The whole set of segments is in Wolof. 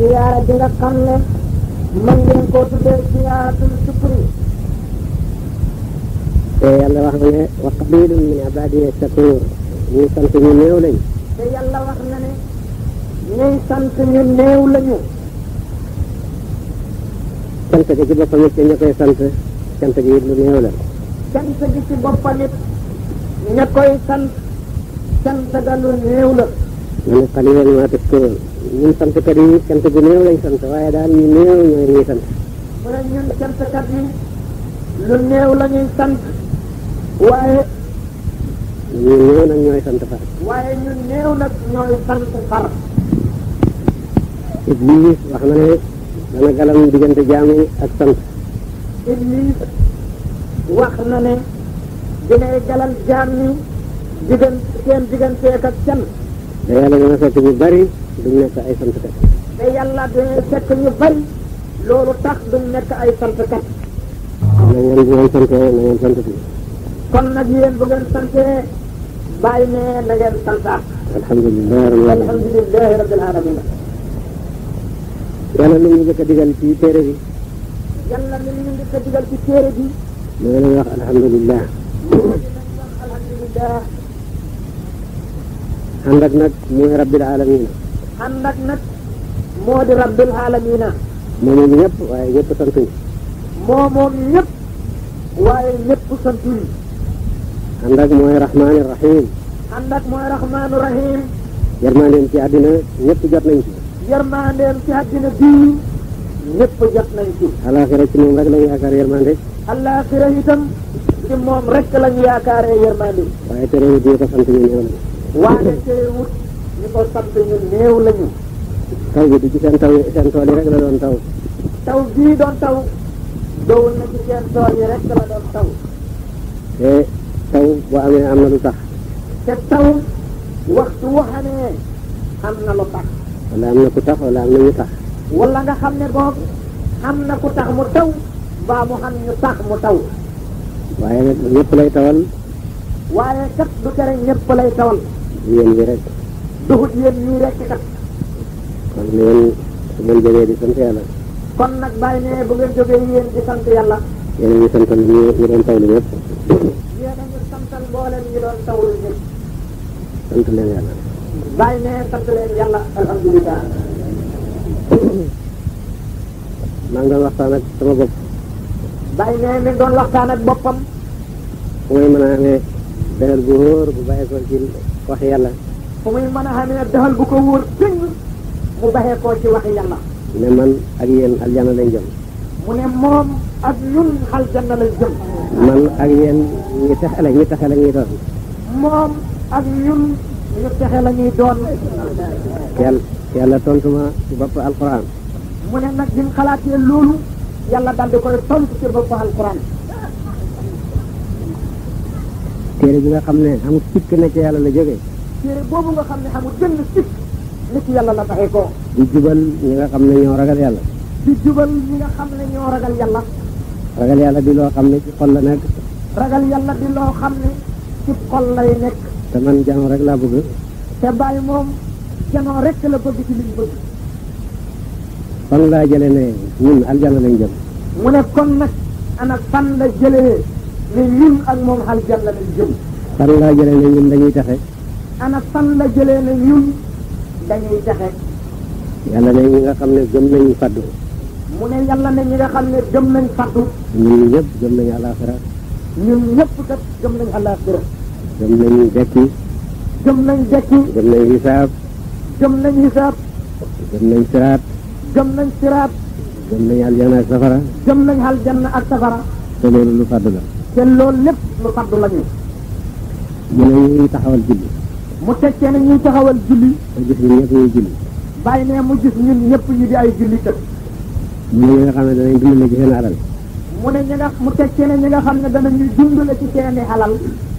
siyaara ji nga xam ne mën ngeen koo tuddee siyaaratul sukri te yàlla wax na ne wa qalilun min ibadiya shakur ñuy sant ñu néew lañ te yàlla wax na ne ñuy sant ñu néew lañu sant gi ci boppam it ña koy sant sant gi it la sant gi koy sant sant ga lu néew la mu ne qalilan ma tashkurun ñun santkat yi sant bu néew lañ sant waaye daal ñu néew ñooy ñuy sant mu ne ñun santkat yi lu néew la ñuy sant waaye ñu néew nag ñooy sant far waaye wax na ne dana galam diggante jaam yi ak sant Iblis wax na ne dinay galal jaam yi diggante seen digganteek ak sant te yàlla dana fekk ñu bari duñ nekk ay santkat. te yàlla dana fekk ñu bari loolu tax duñ nekk ay santkat. na ngeen bu ngeen sante na ngeen sant bi. kon nag yéen bu ngeen santee bàyyi ne na ngeen santaat. alhamdulilah alhamdulilah rabbil alamin. yàlla li ñu njëkk a digal ci téere bi. yàlla li ñu njëkk a digal ci téere bi. mu ngi lay wax alhamdulilah. mu ngi lay wax alhamdulilah. andak nak nag rabbil alamin andak nak nag di rabbil alamin moo mom ñep waye ñep santu moo mom ñep waye ñep santu andak moy rahmanir rahim andak moy mooy rahim yermandeem ci adina ñep jot nañ ci yermandeem ci adina bii ñep jot nañ ci alaxira ci mom rek lañu yaakar yermande alaxira itam ci mom rek lañu yaakaré yermande waye tere ñu ko santu ñu ñoom waaye teewut ñu ko sant ñu néew lañu. taw bi du ci seen taw seen tool yi rek la doon taw. taw bii doon taw dowul na ci seen tool yi rek la doon taw. te taw boo amee am na lu tax. te taw waxtu waxanee am na lu tax. wala am na ku tax wala am na ñu tax. wala nga xam ne boog am na ku tax mu taw mbaa mu xam ñu tax mu taw. waaye nag ñëpp lay tawal. waaye kat du tere ñëpp lay tawal. yéen yi rek duhut yéen ñii rek itam kon yéen su ngeen jógee di sant yàlla kon nag bàyyi ne bu ngeen jógee yéen di sant yàlla yéen a ngi santal ñu ñu tawlu ñëpp yéen a ngi santal mboolem ñu doon tawlu ñëpp sant leen yàlla bàyyi ne sant leen ak sama mi ak bu bu ko waxi yàlla fu muy mën a xamee daxal bu ko wóor dëng mu baxee koo ci waxi yàlla ne man ak yéen aljanna lañ jëm mu ne moom ak ñun aljanna lañ jëm man ak yéen ñi texe la ñi texe la ñuy doon moom ak ñun la ñuy doon yàlla yàlla tontu ma ci bopp alquran mu ne nag bi mu xalaatee loolu yàlla daal di koy tontu ci bopp alquran téere bi nga xam ne amul sikk ne ci yàlla la jógee téere boobu nga xam ne amul gënn sikk ne ci yàlla la taxee ko di jubal ñi nga xam ne ñoo ragal yàlla di jubal ñi nga xam ne ñoo ragal yàlla ragal yàlla di loo xam ne ci xol la nekk ragal yàlla di loo xam ne ci xol lay nekk te man janoo rek laa bëgg te bàyyi moom janoo rek la bëgg ci liñ bëgg fan laa jële ne ñun aljana lañ jëm mu ne kon nag ana fan la jëlee ne ñun ak moom xal jàlla lañ jëm fan laa jëlee ne ñun dañuy taxe ana fan la jëlee ne ñun dañuy taxe yàlla ne ñi nga xam ne gëm nañu faddu mu ne yàlla ne ñi nga xam ne gëm nañ faddu ñun ñëpp gëm nañu àllaaxira ñun ñëpp kat gëm nañ àllaaxira gëm nañu dekki gëm nañ dekki gëm nañ hisaab gëm nañ hisaab gëm nañ siraat gëm nañ siraat gëm nañ aljanna ak safara gëm nañ aljanna ak safara te loolu lu faddu la te loolu lépp lu faddu la ñu. mu ñuy taxawal julli. mu teg tekkee ne ñuy taxawal julli. te gis bàyyi ne mu gis ñun ñëpp ñu di ay julli kat. mu ne ñi nga xam ne danañ dundale ci seen alal. mu ne ñu nga mu tekkee ne ñi nga xam ne danañuy dundale ci seen alal.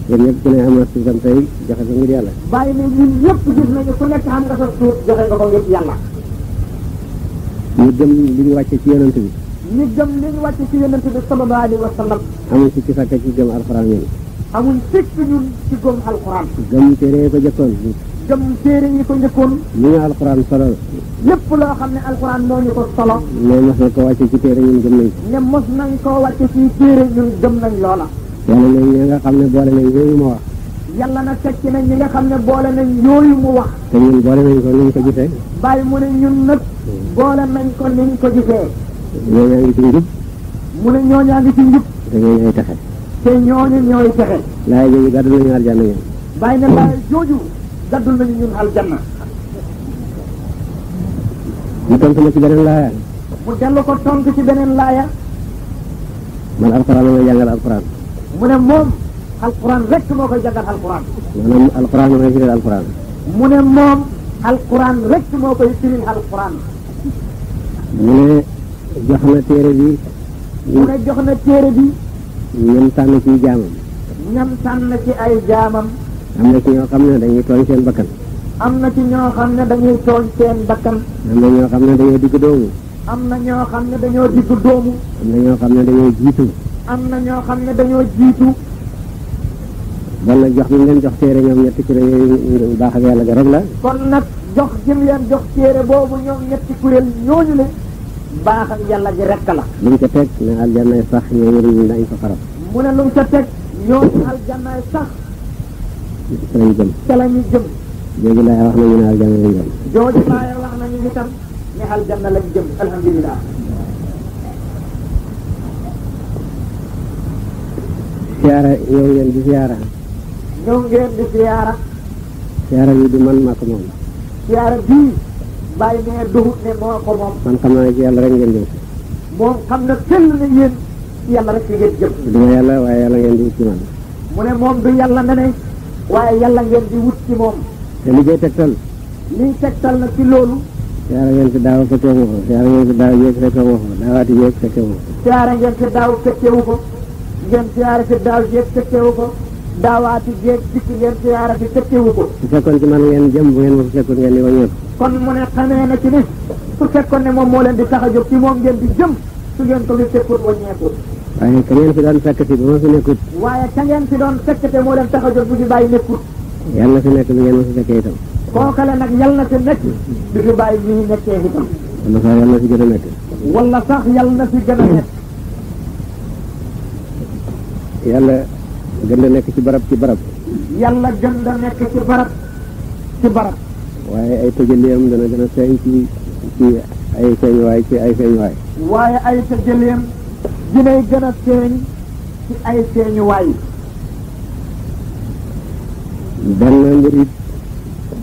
yéen ñëpp ku ne am na suufam tey joxe ko ngir yàlla. bàyyi ne ñun ñëpp gis nañu ku nekk am nga sa suuf joxe nga ko ngir yàlla. ñu gëm li ñu wàcce ci yonent bi. ñi gëm li ñu wàcc ci yonente bi sallallahu alayhi wa sallam amul sikki sàkka ci gëm alxuraan yi amul sikk ñun ci gëm alxuraan gëm téere yi ko jëkkoon gëm téere yi ko njëkkoon li ñu alxuraan solo lépp loo xam ne alxuraan moo ñu ko solo ne ci téere ñun gëm nañ ne mos nañ koo wàcce ci téere ñun gëm nañ loola yàlla ne boole nañ yooyu ma na tekki nga xam ne boole nañ yooyu mu wax te ñun boole nañ ko ni ñu ko gisee bàyyi ñooñaa ngi ci njub. mu ne ñooñaa ngi ci njub. te ñooñu ñooy texe. te ñooñu ñooy texe. laay jooju gàddul nañu aljanna ñun. bàyyi na laay jooju gàddul nañu ñun aljanna. mu tontu ma ci beneen laaya. mu dellu ko tontu ci beneen laaya. man alquran ma jàngal mu ne moom alquran rek moo koy jàngal alquran. maanaam alquran ma koy firil alquran. mu mu ne. jox na téere bi. mu ne jox na téere bi. ñam tànn ci jaamam. ñam tànn ci ay jaamam. am na ci ñoo xam ne dañuy tooñ seen bakkan. am na ci ñoo xam ne dañuy tooñ seen bakkan. am na ñoo xam ne dañoo digg doomu. am na ñoo xam ne dañoo digg doomu. am na ñoo xam ne dañoo jiitu. am na ñoo xam ne dañoo jiitu. bon nag jox ñu leen jox téere ñoom ñetti kuréel yooyu baax ak yàlla garab la. kon nag jox jox téere boobu ñoom ñetti kuréel ñooñu leen. baaxal yàlla gi rek la. lu mu ca teg ne aljannaay sax ñoo yëngu ñu daañu ko faral. mu ne lu ca teg ñoom aljannaay sax. ca la ñu jëm. ca la ñu jëm. jooju laay wax nañu ne aljanna wax nañu itam ne aljanna lañ jëm alhamdulilah. siyaara ñëw ngeen di siyaara. ñëw ngeen di siyaara. siyaara bi du man maa ko moom. bii. bàyyi meer duhut ne moo ko moom. man xam naa ne ci yàlla rek ngeen jëm. moom xam na kenn ne yéen yàlla rek ci ngeen jëm. du ma yàlla waaye yàlla ngeen di wut ci man. mu ne moom du yàlla na ne waaye yàlla ngeen di wut ci moom. te li koy tegtal. liy tegtal na ci loolu. siyaara ngeen si daaw fekkee wu ko siyaara ngeen si daaw jéeg fekkee wu ko daawaati jéeg fekkee wu ko. siyaara ngeen si daaw fekkee wu ko ngeen siyaara si daaw jéeg fekkee wu ko. daawaati géej dikki ngeen siyaara bi tëkkiwu ko bu fekkoon ci man ngeen jëm bu ngeen ma fu fekkoon ngeen di wàññeeku kon mu ne xamee na ci ni su fekkoon ne moom moo leen di tax a jóg ci moom ngeen di jëm su ngeen ko lu tëkkut wàññeeku waaye ka ngeen fi doon fekk si waaye ka ngeen fi doon fekkte moo leen tax a jóg bu fi bàyyi nekkut yàlla na fi nekk bi ngeen ma fi fekkee itam kookale nag yàlla na fi nekk bi fi bàyyi bi ñu nekkee itam sax yàlla na fi gën a nekk wala sax yàlla na fi gën a nekk gën la nekk ci barab ci barab yàlla gën la nekk ci barab ci barab waaye ay tëjëleem dana gën a feeñ ci ci ay feeñ waay ci ay feeñ waay waaye ay tëjëleem dinay gën a feeñ ci ay feeñ waay benn murid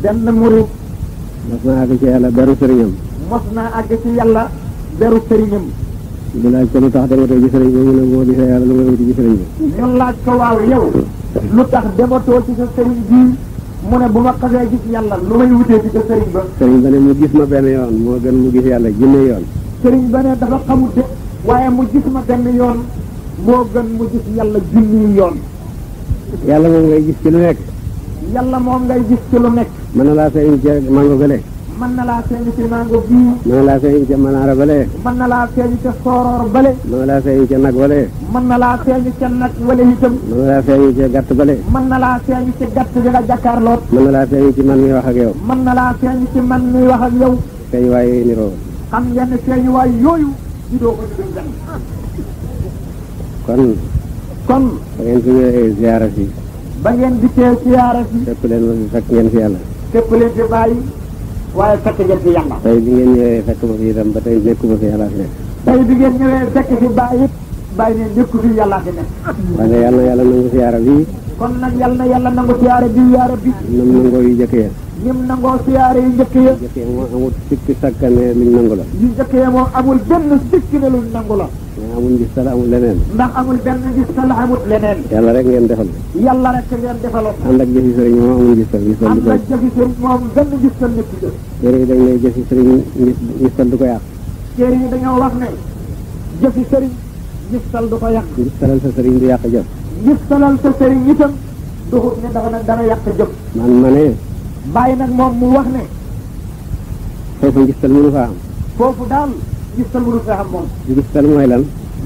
benn murid mos naa àgg ci yàlla beru sëriñam mos naa àgg ci yàlla beru sëriñam ñu laaj lu tax dematoo ci sëriñ bi mu ne moo di yàlla lu ma wuti sëriñ bi ñu laaj ko waaw yow lu tax dematoo ci sa sëriñ bi mu ne bu ma xasee gis yàlla lu may wutee ci sa sëriñ ba sëriñ ba ne mu gis ma benn yoon moo gën mu gis yàlla junne yoon sëriñ ba ne dafa xamut waaye mu gis ma benn yoon moo gën mu gis yàlla junni yoon yàlla moom ngay gis ci lu nekk yàlla moom ngay gis ci lu nekk mën na laa sëriñ ci mango gële mën na laa feeñ ci mango bii. mën na laa feeñ ca manaara bale. mën na laa feeñ ca sooroor bale. mën na laa feeñ ca nag wale. mën na laa feeñ ca nag wale itam. mën na laa feeñ ca gàtt bale. mën na laa feeñ ca gàtt bi nga na laa feeñ ci man mi wax ak yow. na laa feeñ ci man mi wax ak yow. feeñ waay yooyu niroo. xam ngeen ne feeñ waay yooyu. di doo ba ngeen fi ñëwee ziyaara si. ba ngeen dikkee képp leen fi fekk ngeen fi yàlla. képp leen fi bàyyi. waye fekk ngeen fi yalla tay bi ngeen ñëwé fekk ma fi itam ba tay tey nekkuma fi yalla fi nekk. tey bi ngeen ñëwé fekk fi bàyyi it ne nekku fi yalla fi nek waaye yàlla yalla yàlla nangu yaara bi. kon nak yalla na yàlla nangu yaara bi yaara bi. ñum nangoo yi jëkke ya. ñim nangoo yaara yi jëkke ya. njëkk ya amul sikki sakane luñ nangula ñu jëkke mo amul benn sikki ne luñ nangu amul ngistal amul leneen ndax amul benn ngistal amul leneen yàlla rek ngeen defal yàlla rek ngeen defaloon ànd ak jëfi sëriñ moom amul ngistal ngistal du ko ànd ak jëfi sëriñ moom benn ngistal nit ki téere yi dañ lay jëfi sëriñ ngistal du ko yàq téere yi dañoo wax ne jëfi sëriñ ngistal du ko yàq ngistalal sa sëriñ du yàq jëf ngistalal sa sëriñ itam duxut ne dafa nag dana yàq jëf man ma ne bàyyi nag moom mu wax ne foofu ngistal mënu faa am foofu daal ngistal mënu fee xam moom ngistal mooy lan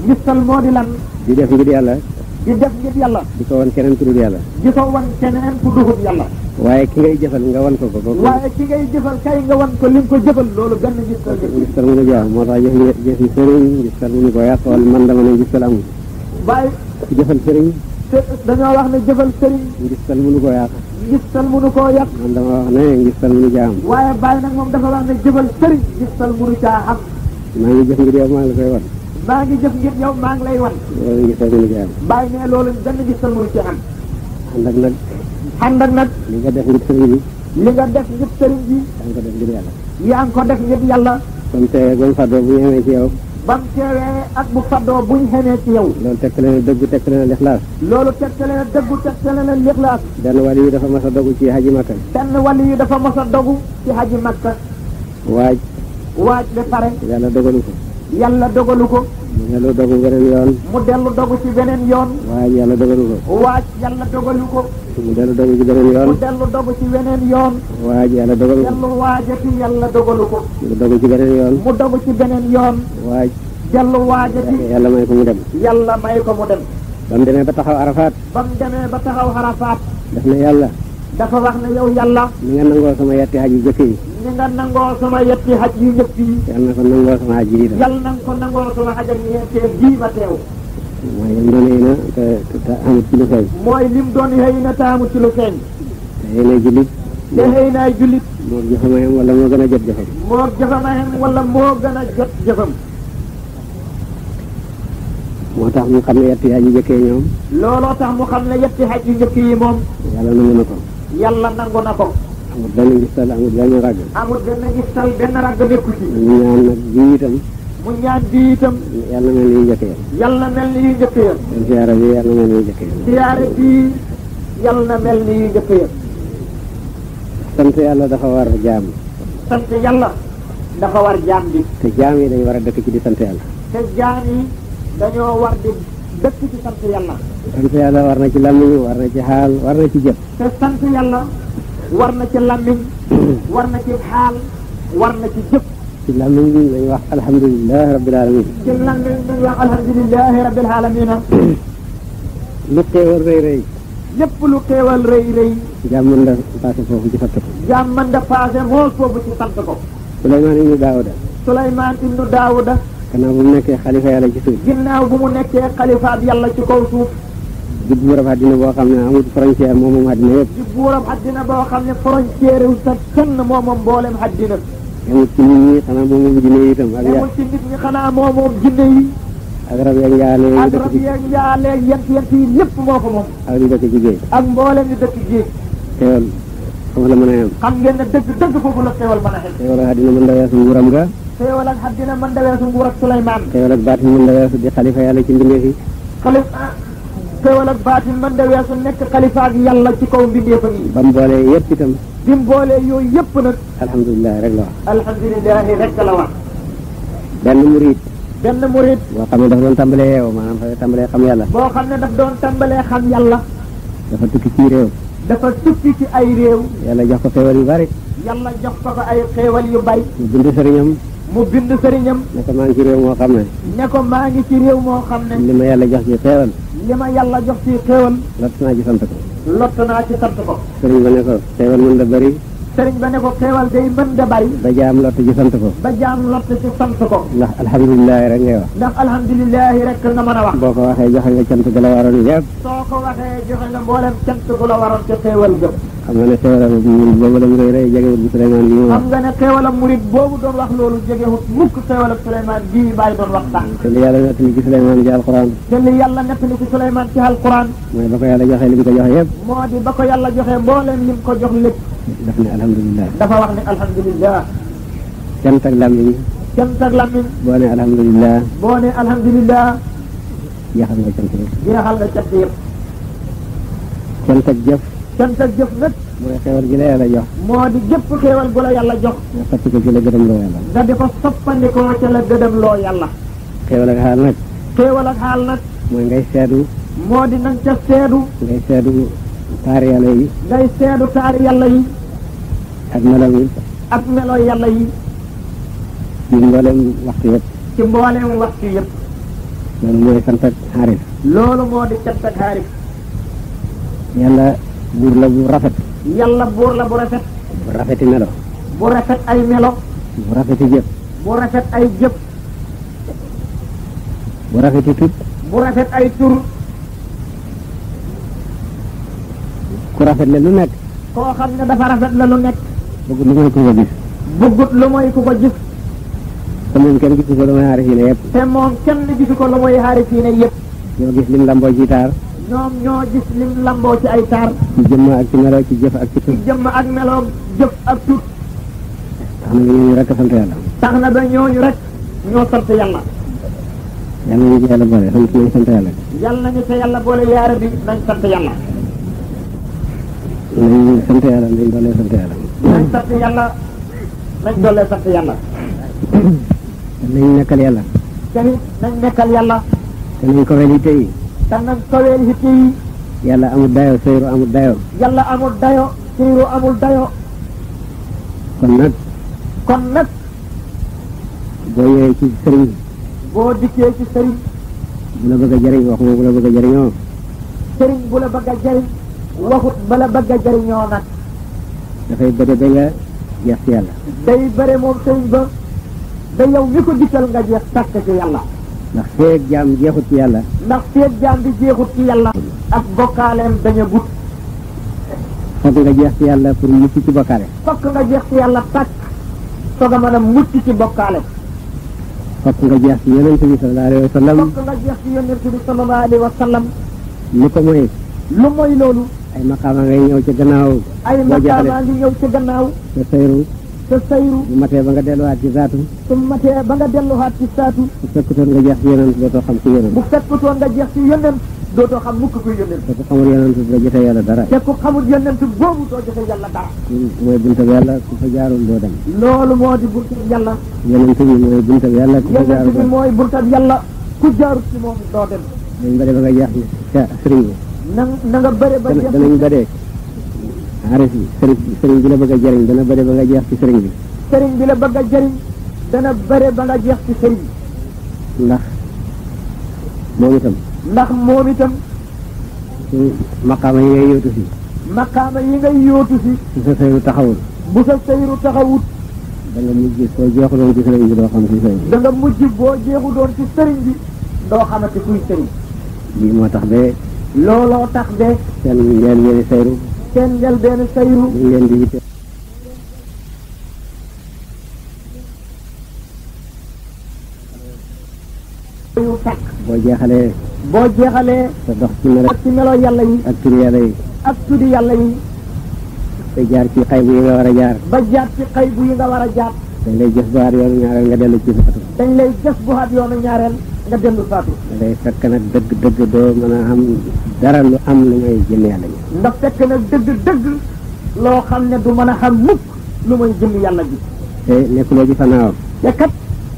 ngistal moo di lan di def ngir yàlla di def ngir yàlla di ko wan keneen ku dul yàlla di ko wan keneen ku duhut yàlla waaye ki ngay jëfal nga wan ko ko boobu waaye ki ngay jëfal kay nga wan ko li nga ko jëfal loolu benn ngistal ngistal mënu jaaw moo tax jëf jëf yi sëriñ ngistal mënu ko yàq wala man dama ne ngistal amul waaye jëfal sëriñ dañoo wax ne jëfal sëriñ ngistal mënu ko yàq ngistal mënu koo yàq man dama wax ne ngistal mënu caa am waaye bàyyi nag moom dafa wax ne jëfal sëriñ ngistal mënu caa am maa ngi jëf ngir yow maa ngi la koy wan. maa ngi jëf ngir yow maa ngi lay wan. loolu ngi soog ci am. bàyyi ne loolu benn gis sa mënu ci am. ànd ak nag. ànd ak nag. li nga def ngir bi. li def ngir bi. yaa ko def ngir yàlla. yaa ngi ko def ngir yàlla. comme teewee ba mu faddoo bu ñu xamee ci yow. ba mu teewee ak bu faddoo bu ñu xamee ci yow. loolu tegtale na dëgg tegtale na lixlaas. loolu tegtale na dëgg tegtale na lixlaas. benn wàll yi dafa mos a dogu ci haji makka. benn wàll yi dafa mos a dogu ci haji makka. waaj waaj ba pare. yàlla dogalu ko. yàlla dogalu ko. mu dellu dogu beneen yoon. mu dellu dogu ci beneen yoon. waaj yàlla dogalu ko. waaj yàlla dogalu ko. mu dellu dogu ci beneen yoon. mu dellu dogu ci beneen yoon. waaj yàlla dogalu ko. dellu waajati yàlla dogalu ko. mu dogu ci beneen yoon. mu dogu ci beneen yoon. waaj. dellu waajati. yàlla may ko mu dem. yàlla may ko mu dem. ba mu demee ba taxaw arafaat. ba mu demee ba taxaw arafaat. daf na yàlla. dafa wax ne yow yàlla. ni nga nangoo sama yetti aji jëkk yi. ni nga nangoo sama yetti xaj yu njëkk yi. yal na ko nangoo sama xaj yi yal na ko nangoo sama xaj ak ñeenteel bii ma teew. mooy lim doon ci lu feeñ. mooy lim doon xëy na a moo jafe mayam tax xaj yu njëkk yi ñoom. looloo tax mu xam ne yetti xaj yu njëkk yi moom. yàlla nangu ko. yàlla nangu na ko. amul benn gistal amul benn ràgg. amul benn gistal benn ràgg nekku ci. mu ñaan nag bii itam. mu ñaan bii itam. yàlla mel ni yu njëkk yam. yàlla mel ni yu njëkk yam. siyaara bi yàlla mel ni yu mel ni yu njëkk yam. sant yàlla dafa war jaam bi. sant yàlla dafa war jaam bi. te jaam yi dañu war a dëkk ci di sant yàlla. te jaam dëkk ci sant yàlla. sant yàlla war na ci làmmiñ war na ci xaal war na ci jëf. te sant yàlla. war na ci làmmiñ war na ci xaal war na ci jëf ci làmmiñ bi dañuy wax alhamdulilah rabbil alamin ci làmmiñ bi wax lu xéewal rëy rëy lépp lu xéewal rëy rëy ko jaam mën da passé moos foofu ci sant ko Souleymane ibnu Daawuda Souleymane ibnu Daawuda gannaaw bu mu nekkee xalifa yàlla ci suuf ginnaaw bu mu nekkee yàlla ci kaw jub bu rab àddina boo xam ne amul frontière moom moom àddina yëpp jub bu rab àddina boo xam ne frontière wu sa kenn moom moom mboolem àddina yemul ci nit ñi xanaa moom moom jinne yi itam ak yemul ci nit ñi xanaa moom moom jinne yi ak rab yeeg njaale yi dëkk ci ak rab yeeg njaale yent yent yi lépp moo ko moom ak ñu dëkk ci géej ak mboolem ñu dëkk géej xewal foofu la mën a yem xam ngeen ne dëgg dëgg foofu la xewal mën a xem xewal ak àddina mën da weesu nguuram ga xewal ak àddina mën da weesu nguur ak Suleymaan xewal ak baatin mën da weesu di xalifa yàlla ci mbindeef yi xalifa xéewal ak baatin mën da weesu nekk xalifa ak yàlla ci kaw mbindeefam yi ba mu boolee yëpp itam bi mu boolee yooyu yëpp nag alhamdulilah rek la wax alhamdulilahi rek la wax benn murid benn murid boo xam ne daf doon tàmbalee yeewu maanaam fa tàmbalee xam yàlla boo xam ne daf doon tàmbalee xam yàlla dafa tukki ci réew dafa tukki ci ay réew yàlla jox ko xéewal yu bari yàlla jox ko ko ay xéewal yu bari mu bind sëriñam mu bind sëriñam. ne ko maa ngi ci réew moo xam ne. ne ko xam ne. li ma yàlla jox ci xéewal. li ma yàlla jox ci xéewal. lott naa ci sant ko. lott naa ci ko. sëriñ ba ne ko xéewal mën da sëriñ ba ne ko xéewal day mën da bëri. ba jaam lott ci sant ko. ba jaam lott ci sant ko. ndax alhamdulilah rek ngay wax. ndax alhamdulilah rek nga mën a wax. boo ko waxee joxe nga cant gu la waroon yëpp. soo ko joxe nga mboolem cant gu la waroon ci xéewal gëpp. xam nga ne xewalam murid boobu la koy rey jegewut bu Souleymane bi xam nga ne xewalam murid boobu doon wax loolu jegewut mukk xewalam Souleymane bi bàyyi doon wax sax te li yàlla nettali ci Souleymane ci alquran te li yàlla nettali ci Souleymane ci alquran mooy ba ko yàlla ko joxe yëpp moo di ba ko yàlla lim ko jox lépp daf alhamdulillah dafa wax alhamdulillah cant ak làmmiñ cant ak làmmiñ boo ne alhamdulillah boo ne alhamdulillah jeexal nga cant yëpp jeexal nga cant yëpp jëf cant ak jëf nag. mooy xewal gi la yàlla jox. moo di jëpp xewal gu la yàlla jox. nga soppi ko ci la gëdëm loo yàlla. nga di ko soppandikoo ca la gëdëm loo yàlla. xewal ak xaal nag. xewal ak xaal ngay seedu. moo di nag ca seedu. ngay seedu taari yàlla yi. ngay seedu taari yàlla yi. ak melo yi. ak melo yàlla yi. ci mboolem waxtu yëpp. ci mboolem waxtu yëpp. loolu mooy sant ak xaarif. loolu moo di sant ak xaarif. buur la bu rafet yàlla buur la bu rafet bu rafeti melo bu rafet ay melo bu rafeti jëf bu rafet ay jëf bu rafeti tur bu rafet ay tur ku rafet la lu nekk koo xam ne dafa rafet la lu nekk bëggut lu mooy ku ko gis bëggut lu mooy ku ko gis te moom kenn gisu ko lu mooy xaarisiine yëpp te moom kenn gisu ko lu mooy xaarisiine yëpp ñoo gis lim lamboo ci ñoom ñoo gis lim ay taar. ci jëmm ak ci melo ci jëf ak ci tut. ci jëmm tax na ba ñooñu rek a tax na ba ñooñu rek ñoo sant yàlla. yàlla nañu ci yàlla boole sant nañu sant yàlla. yàlla nañu sa yàlla boole yaara bi nañ sant yàlla. nañ sant yàlla nañ doole sant yàlla. nañ sant yàlla nañ doole sant yàlla. tanag soweel hitte yi yàlla amul dayo seyru amul dayo yàlla amul dayo seyru amul dayo kon kon nag boo ñëwee ci sëriñ boo dikkee ci sëriñ bu la bëgg a jëriñ waxuma bu la bëgg a jëriñoo sëriñ bu la bëgg a jëriñ waxut ba la bëgg a jëriñoo nag dafay bëre ba nga jeex ci yàlla day bëre moom sëriñ ba da yow mi nga jeex tàkk ci yàlla ndax feeg jaam jeexut ci yàlla ndax feeg jaam bi jeexut ci yàlla ak bokkaaleem dañ a gut fokk nga jeex ci yàlla pour mucc ci bokkaale fokk nga jeex ci yàlla tàkk soga mën a mucc ci bokkaale fokk nga jeex ci yonent bi sallallahu alayhi wa sallam fokk nga jeex ci yonent bi sallallahu alayhi wa sallam lu ko mooy lu mooy loolu ay maqaama ngay ñëw ci gannaaw ay maqaama ngi ñëw ci gannaaw te sayru te sayru bu matee ba nga delluwaat ci saatu su matee ba nga delluwaat ci saatu bu fekkutoon nga jeex ci yonent dootoo xam ku yonent bu fekkutoon nga jeex ci yonent dootoo xam mukk kuy yonent te ku xamul yonent doo jotee yàlla dara te ku xamul yonent boobu doo jotee yàlla dara mooy buntab yàlla ku fa jaarul doo dem loolu moo di buntab yàlla yonent bi mooy buntab yàlla ku fa jaarul yonent bi mooy buntab yàlla ku jaarul ci moom doo dem nañ bëri ba nga jeex ca sëriñ bi na na nga bëri ba jeex danañ bëree xaaris bi sëriñ sëriñ bi la bëgg jariñ jëriñ dana bëre ba nga jeex ci sëriñ bi sëriñ bi la bëgg a jëriñ dana bëre ba nga jeex ci sëriñ bi ndax moom itam ndax moom itam ci maqaama yi ngay yóotu si maqaama yi ngay yóotu si bu sa sayru taxawul bu sa sayru taxawut da nga mujj boo jeexu doon ci sëriñ bi doo xam ci sëriñ bi da nga mujj boo sëriñ bi doo xamante kuy sëriñ lii moo tax de looloo tax de seen njël yéeni sayru seen njëlbéenu sayru. ñu leen di yitte. boo jeexale boo jeexalee. te dox ci melo ak ci melo yàlla yi. ak turi yàlla yi. ak turi yàlla yi. ba jaar ci bu yi nga war a jaar. ba jaar ci bu yi nga war a jaar. dañ lay jëf bu xaat yoonu ñaareel nga dellu ci dañ lay jëf bu xaat yoonu ñaareel. nga dellu faatu day fekk nag dëgg dëgg doo mën a am dara lu am lu may jëm yàlla ji ndax fekk nag dëgg dëgg loo xam ne du man a xam mukk lu may jëm yàlla bi te nekkuloo ci fannaawam te kat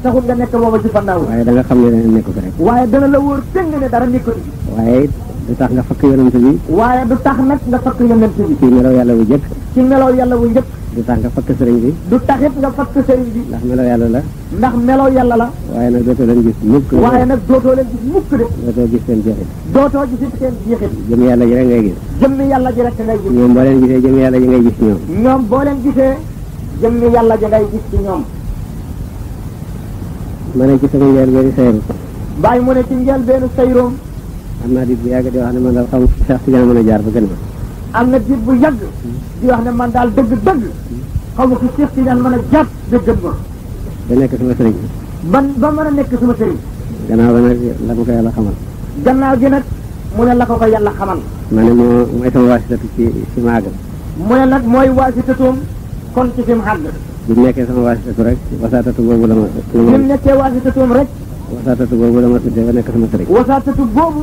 taxul nga nekk booba ci fannaawam waaye da nga xam ne dana nekk fi rek waaye dana la wóor tëng ne dara nekkul waaye du tax nga fakk yonent bi waaye du tax nag nga fakk yonent bi ci melaw yàlla wu jëkk ci melaw yàlla wu jëkk du tax nga fakk sëriñ bi du taxit nga fakk sëriñ bi ndax melo yàlla la ndax melo yàlla la waaye nag dootoo leen gis mukk waaye nag dootoo leen gis mukk de dootoo gis seen jeexit dootoo gisit seen jeexit jëm yàlla ji rek ngay gis jëmmi yàlla ji rek ngay gis ñoom boo leen gisee jëmmi yàlla ji ngay gis ñoom ñoom boo leen gisee jëmmi yàlla ji ngay gis ci ñoom ma ne ci sama njël benn sayru bàyyi mu ne ci njël benn sayroom am naa di bu yàgg di wax ne man daal xam Cheikh Tidiane mën a jaar ba gën ma am na diir bu yàgg di wax ne man daal dëgg-dëgg xaw ma si Cheikh Tidiane mën a jàpp dëgg ma ba nekk sama sëriñ ban ba mën a nekk sama sëriñ gannaaw ba nag la ko ko yàlla xamal gannaaw gi nag mu ne la ko ko yàlla xamal ma ne moo mooy sama waasitatu ci ci ma àgg mu ne nag mooy waasitatoom kon ci fi mu àgg bi mu nekkee sama waasitatu rek wasaatatu boobu la ma bi mu nekkee waasitatoom rek wasaatatu boobu la ma tuddee ba nekk sama sëriñ wasaatatu boobu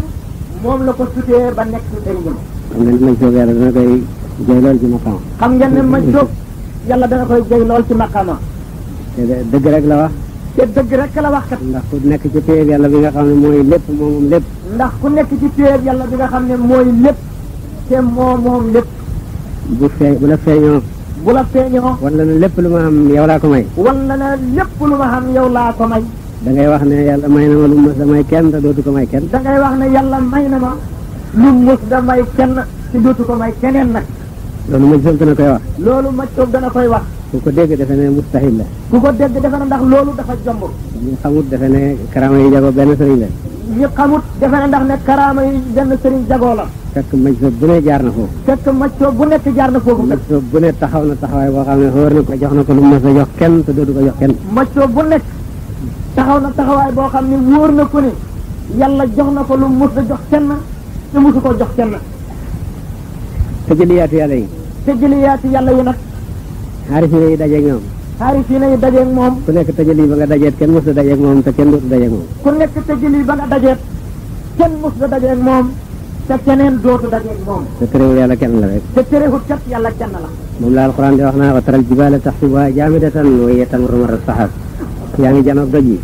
moom la ko tuddee ba nekk sëriñam xam ngeen maj soob yàlla dana koy jay lool ci maqaama xam ngeen ne maj soob yàlla dana koy jay lool ci maqaama te dëgg rek la wax te dëgg rek la wax kat ndax ku nekk ci téyeb yàlla bi nga xam ne mooy lépp moo moom lépp ndax ku nekk ci téyeb yàlla bi nga xam ne mooy lépp te moo moom lépp bu feeñ bu la feeñoo bu la feeñoo wala na lépp lu ma am yow laa ko may wala na lépp lu ma am yow laa ko may da ngay wax ne yàlla may na ma lu ma sa may kenn te dootu ko may kenn da ngay wax ne yàlla may na ma lu mus da may kenn te dootu ko may keneen nag. loolu ma gisoon dana koy wax. loolu ma gisoon dana koy wax. ku ko dégg defe ne mustahil la. ku ko dégg defe ne ndax loolu dafa jomb. ñu xamut defe ne karaama yi jago benn sëriñ la. ñu xamut defe ne ndax ne karaama yi benn sëriñ jagoo la. fekk maj soob bu ne jaar na foofu. fekk maj soob bu nekk jaar na foofu. maj soob bu ne taxaw na taxawaay boo xam ne xóor na ko jox na a jox kenn te ko jox kenn. maj soob bu nekk taxaw na taxawaay boo xam ne wóor na ko ni yàlla jox na ko lu mu mës a jox kenn. te musu ko jox kenn tëjliyaatu yàlla yi tëjliyaatu yang yi nag xaarifina yi dajeeg ñoom xaarifina yi dajeeg moom ku nekk tëjli ba nga dajeet kenn musu dajeeg moom te kenn musu dajeeg moom ku nekk tëjli ba nga dajeet kenn musu dajeeg moom te keneen dootu dajeeg moom te terewul kenn la rek te kenn la la alquran di wax naa wa taral jibaala taxsibuha jaamidatan wa hiya marra sahab yaa ngi janoog doj yi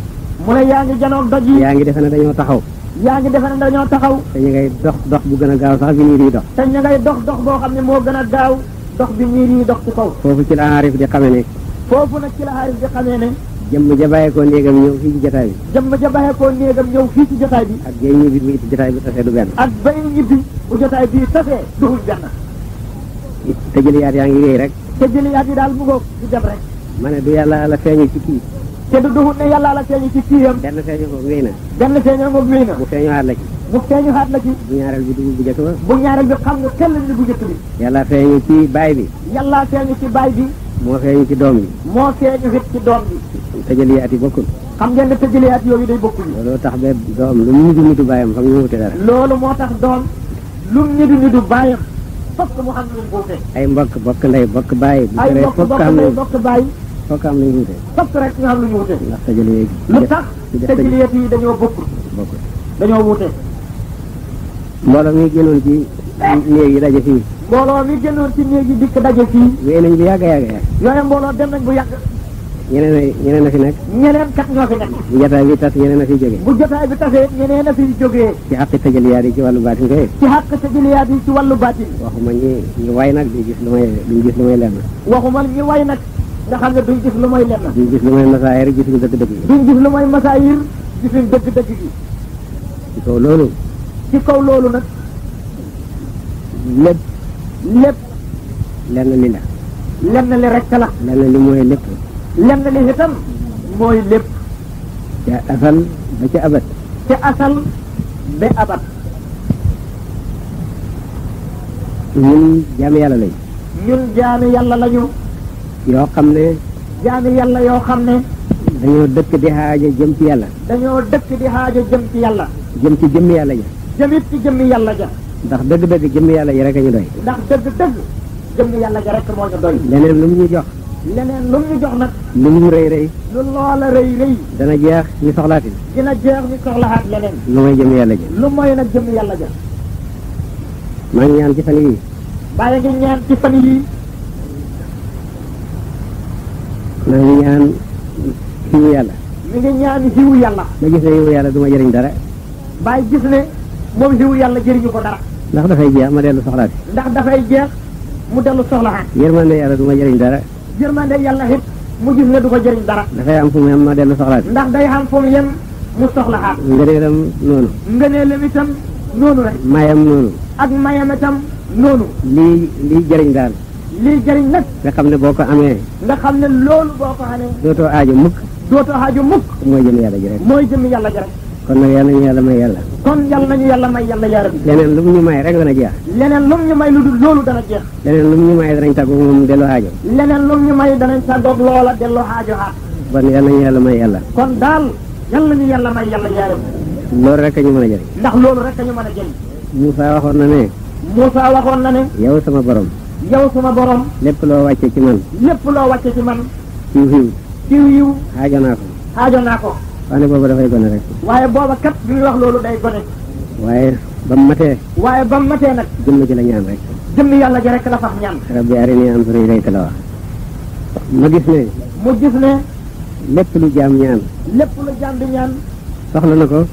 mu ne yaa ngi janoog taxaw yaa ngi defe ne dañoo taxaw te ñu ngay dox dox bu gën a gaaw sax bi niir yi dox te ñu ngay dox dox boo xam ne moo gën a gaaw dox bi niir yi dox ci kaw foofu ci la aarif di xamee ne foofu nag ci la aarif di xamee ne jëmm ja bàyyeekoo néegam ñëw fii ci jotaay bi jëmm ja bàyyeekoo néegam ñëw fii ci jotaay bi ak bay ñibbi bi ci bi tasee du benn ak bay ñibbi bu jotaay bii tasee duhul benn te jëliyaat yaa ngi wéy rek te jëliyaat yi daal mu ngoog di dem rek ma ne du yàlla la feeñu ci kii te du duhut ne yàlla la feeñu ci kii yam benn feeñu ko wéy na benn feeñoo feeñu xaat la ci bu feeñu xaat la ci bu bi dugub bu njëkk ba bu bi xam nga kenn ni bu bi yàlla feeñu ci baay bi yàlla feeñu ci baay bi moo feeñu ci doom bi moo feeñu it ci doom bi tëjëli at yi bokkul xam ngeen ne tëjëli at yooyu day bokkul loolu tax ba doom lu mu nidu nidu bàyyam xam nga wute moo tax doom lu mu nidu nidu bàyyam fokk mu xam ne ay mbokk mbokk ndey bokk bàyyi ay mbokk bokk ndey fokk am lu ñu wute. fokk rek ñu am lu ñu wute. ndax tajaliyeeg. lu tax tajaliyeeg yi dañoo bokkul. bokkul dañoo wute. mbooloo mi génnoon ci néeg yi daje fii. mbooloo mi génnoon ci néeg yi dikk daje fii. wéy nañ bu yàgg a yàgg yàgg. yooyu mbooloo dem nañ bu yàgg. ñeneen a ñeneen a fi nekk. ñeneen kat ñoo fi nekk. bu jotaay bi tas ñeneen a fi jógee. bu jotaay bi tasee ñeneen a fi jógee. ci xàq tajaliyaat ci wàllu baatin kay. ci xàq tajaliyaat ci wàllu baatin. waxuma ñi ñi way nag duñ gis lu may duñ gis lu may lenn. waxuma ñi way nag nga xam ne duñ gis lu mooy lenn. duñ gis lu mooy masaayir gisuñ dëgg-dëgg gi. duñ gis lu mooy masaayir gisuñ dëgg-dëgg gi. ci kaw loolu. ci kaw loolu nag. lépp. lépp. lenn li la. lenn li rek la. lenn li mooy lépp. lenn li itam mooy lépp. ca asal ba ca abat. ca asal ba abat. ñun jaami yàlla lañ. ñun jaami yàlla lañu. yoo xam ne jaami yàlla yoo xam ne dañoo dëkk di xaaja jëm ci yàlla dañoo dëkk di xaaja jëm ci jëm ci jëmmi yàlla ja jëmit ci jëmmi yàlla ja ndax dëgg-dëgg jëm yàlla ja rek a ñu doy ndax dëgg-dëgg jëmmi yàlla ja rek moo ñu doy leneen lu ñu jox leneen lu mu ñu jox nag lu mu rëy rëy lu loola rëy rëy dana jeex ñu soxlaati dina jeex ñu soxlaat leneen lu mooy jëmmi yàlla ja lu mooy nag jëmmi yàlla ja maa ñaan ci fan yii bàyyi ngi ñaan ci fan yii maa ngi ñaan xiwu yàlla mi ngi ñaan xiwu yàlla ma gis ne xiwu yàlla du ma jëriñ dara bàyyi gis ne moom xiwu yàlla jëriñu ko dara ndax dafay jeex ma dellu soxlaati ndax dafay jeex mu dellu soxlaat yërmande yàlla du ma jëriñ dara yërmande yàlla it mu gis ne du ko jëriñ dara dafay am fu mu yem ma dellu soxlaati ndax day am fu mu yem mu soxlaat ngëneelam noonu ngëneelam itam noonu rek mayam noonu ak mayam itam noonu lii lii jëriñ daal li jariñ nak nga xamne boko amé nga xamne ne boko xamé doto aaju mukk doto aaju mukk moy jëm yalla ji rek mooy jëm yalla ji rek kon na yalla ñu yalla may yalla kon yalla nañu yalla may yalla ya rabbi leneen lu ñu may rek dana jeex leneen lu ñu may lu dul loolu dana jeex leneen lu ñu may dañ tagu mum delloo aaju leneen lu ñu may danañ tàggoog loola delloo aaju ha ban yalla ñu yalla may yalla kon dal yalla ñu yalla may yalla ya rabbi loolu rek ñu mëna jëri ndax loolu rek ñu mëna jëri jëriñ Moussa waxoon na ne Moussa waxon na ne yow sama borom yow suma borom. lépp loo wàcce ci man. lépp loo wàcce ci man. ciw yiw. ciw yiw. xaajo naa ko. xaajo naa ko. wax ne booba dafay gone rek. waaye booba kat bi wax loolu day gone. waaye ba mu matee. waaye ba mu matee nag. jëmm ci la ñaan rek. jëmm yàlla ji rek la faf ñaan. rabbi arini anzur ilayka la wax. mu gis ne. mu gis ne. lépp lu jaam ñaan. lépp lu jaam di ñaan. soxla na ko.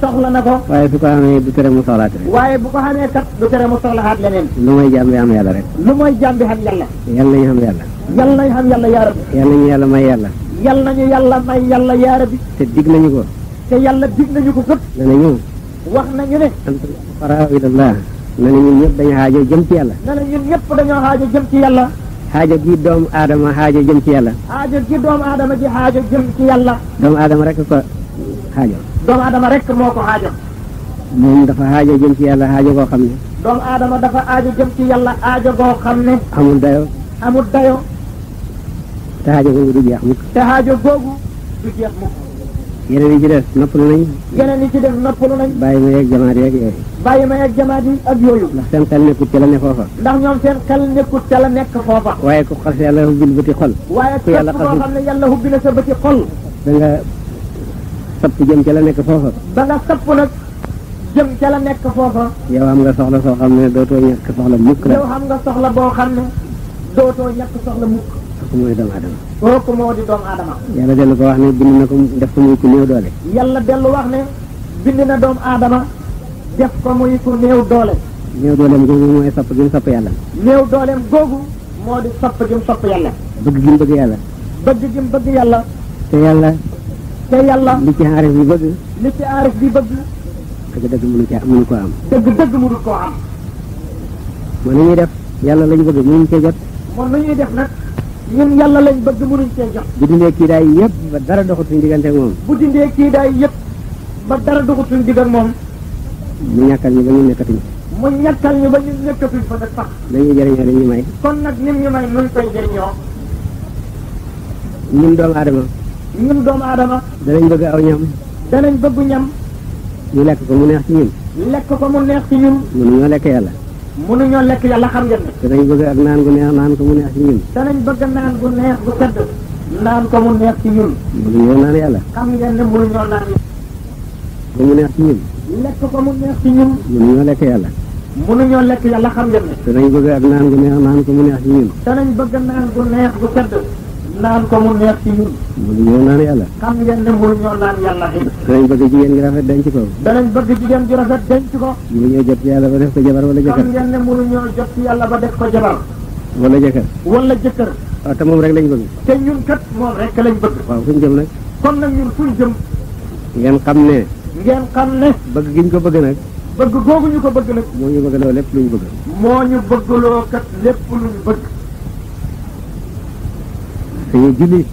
soxla na ko waaye su ko xamee du tere mu soxlaat leneen waaye bu ko xamee kat du tere mu soxlaat leneen lu mooy jàmm bi am yàlla rek lu mooy jàmm bi xam yàlla yàlla nañu xam yàlla yàlla nañu xam yàlla yaa rabbi yàlla nañu yàlla may yàlla yàlla nañu yàlla may yàlla yaa rabbi te dig nañu ko te yàlla dig nañu ko fët ne nañu wax nañu ne antum fuqaraa ilallah na ne ñun ñëpp dañu xaajo jëm ci yàlla na ne ñun ñëpp dañoo xaajo jëm ci yàlla xaajo gi doomu aadama xaajo jëm ci yàlla xaajo gi ji xaajo jëm ci yàlla doomu aadama rek ko xaajoon doomu aadama rek moo ko xaajoon moom dafa aajo jëm ci yàlla aajo goo xam ne doomu aadama dafa aajo jëm ci yàlla aajo goo xam ne amul dayo amul dayo te aajo googu du jeex mukk te aajo googu du jeex mukk yeneen yi ci des noppalu nañ yeneen yi ci des noppalu nañ bàyyi ma yeeg jamaat yi ak yooyu bàyyi ma yeeg jamaat yi ak yooyu ndax seen xel nekkut ca ne foofa ndax ñoom seen xel nekkut ca la nekk foofa waaye ku xas yàlla hubbi na sa bëti xol da sapp jëm ca la nekk foofa ba nga sapp nag jëm ca la nekk foofa yow am nga soxla soo xam ne dootoo ñàkk soxla mukk la yow am nga soxla boo xam ne dootoo ñàkk soxla mukk kooku mooy doomu aadama kooku moo di doomu aadama yàlla dellu ko wax ne bind na ko def ko muy ku néew doole yàlla dellu wax ne bind na doomu aadama def ko muy ku néew doole néew dooleem googu mooy sapp gi mu sapp yàlla néew dooleem googu moo di sapp gi mu sapp yàlla bëgg gi mu bëgg yàlla bëgg gi bëgg yàlla te yàlla te yàlla. li ci bi bëgg. li ci aarif bi bëgg. dëgg dëgg mënu caa mënu koo am. dëgg dëgg mënu koo am. moo ñu ñuy def yàlla lañ bëgg mënuñ cee jot. moom la ñuy def nag ñun yàlla lañ bëgg mënuñ cee jot. bu dindee kii daay yëpp ba dara doxut suñu diggante ak moom. bu dindee kii daay yëpp ba dara doxut suñu diggante moom. mu ñàkkal ñu ba ñu nekkatuñ. mu ñàkkal ñu ba ñu nekkatuñ fa nag sax. dañuy jëriñoo dañ ñu may. kon nag nim ñu may nuñ koy jëriñoo. ñun doomu aadama. ñun doomu aadama danañ bëgg aw ñam danañ bëgg ñam ñu lekk ko mu neex ci ñun lekk ko mu neex ci ñun mënuñoo lekk yàlla mënuñoo lekk yàlla xam ngeen ne danañ bëgg ak naan gu neex naan ko mu neex ci ñun danañ bëgg naan gu neex bu sedd naan ko mu neex ci ñun mënuñoo naan yàlla xam ngeen ne mënuñoo naan ko mu neex ci ñun lekk ko mu neex ci ñun mënuñoo lekk yàlla mënuñoo lekk yàlla xam ngeen ne danañ bëgg ak naan gu neex naan ko mu neex ci ñun danañ bëgg naan gu neex bu sedd naan ko mu neex ci ñun. mënuñoo naan yàlla. xam ngeen ne mënuñoo naan yàlla de. danañ bëgg jigéen gi rafet denc ko. danañ bëgg jigéen gi rafet denc ko. mënuñoo jot ci yàlla ba def ko jabar wala jëkkër. xam ngeen ne mënuñoo jot ci ah, te moom rek lañ bëgg. te ñun kat moom rek lañ bëgg. waaw fuñ jëm nag. kon na ñun fuñ jëm. ngeen xam ne. ngeen xam ne. bëgg giñ ko bëgg nag. bëgg googu ñu ko bëgg nag. moo ñu bëgg loo lépp luñ bëgg. moo ñu bëgg loo bëgg dañuy julli.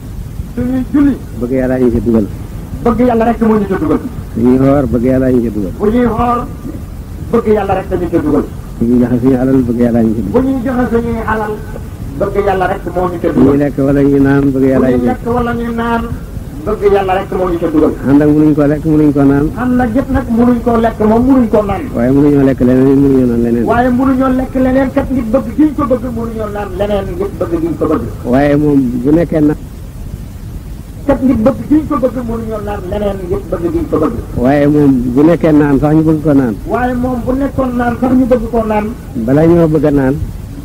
dañuy julli. bëgg yàlla ñu ci dugal. bëgg yàlla rek moo ñu ca dugal. dañuy xoor bëgg yàlla ñu ca dugal. bu ñuy xoor bëgg yàlla rek dañu ca dugal. bu ñuy joxe suñu alal bëgg yàlla ñu ca dugal. bu ñuy joxe suñuy alal bëgg yàlla rek moo ñu ca dugal. bu ñuy lekk wala ñuy naan bëgg yàlla ñu ca dugal. bu ñuy lekk wala ñuy naan. bëgg yàlla rek moo ñu ca dugal. ànd ak munuñ koo lekk munuñ koo naan. ànd ak yëpp nag munuñ koo lekk moom munuñ koo naan. waaye munuñoo lekk leneen munuñoo naan leneen. waaye munuñoo lekk leneen kat nit bëgg giñ ko bëgg munuñoo naan bëgg giñ ko nekkee na. kat nit bëgg ko bëgg munuñoo naan leneen nit bëgg giñ ko bëgg. waaye moom bu nekkee naan sax ñu bëgg ko naan. waaye moom bu nekkoon naan sax ñu bëgg ko naan. bala ñoo bëgg a naan.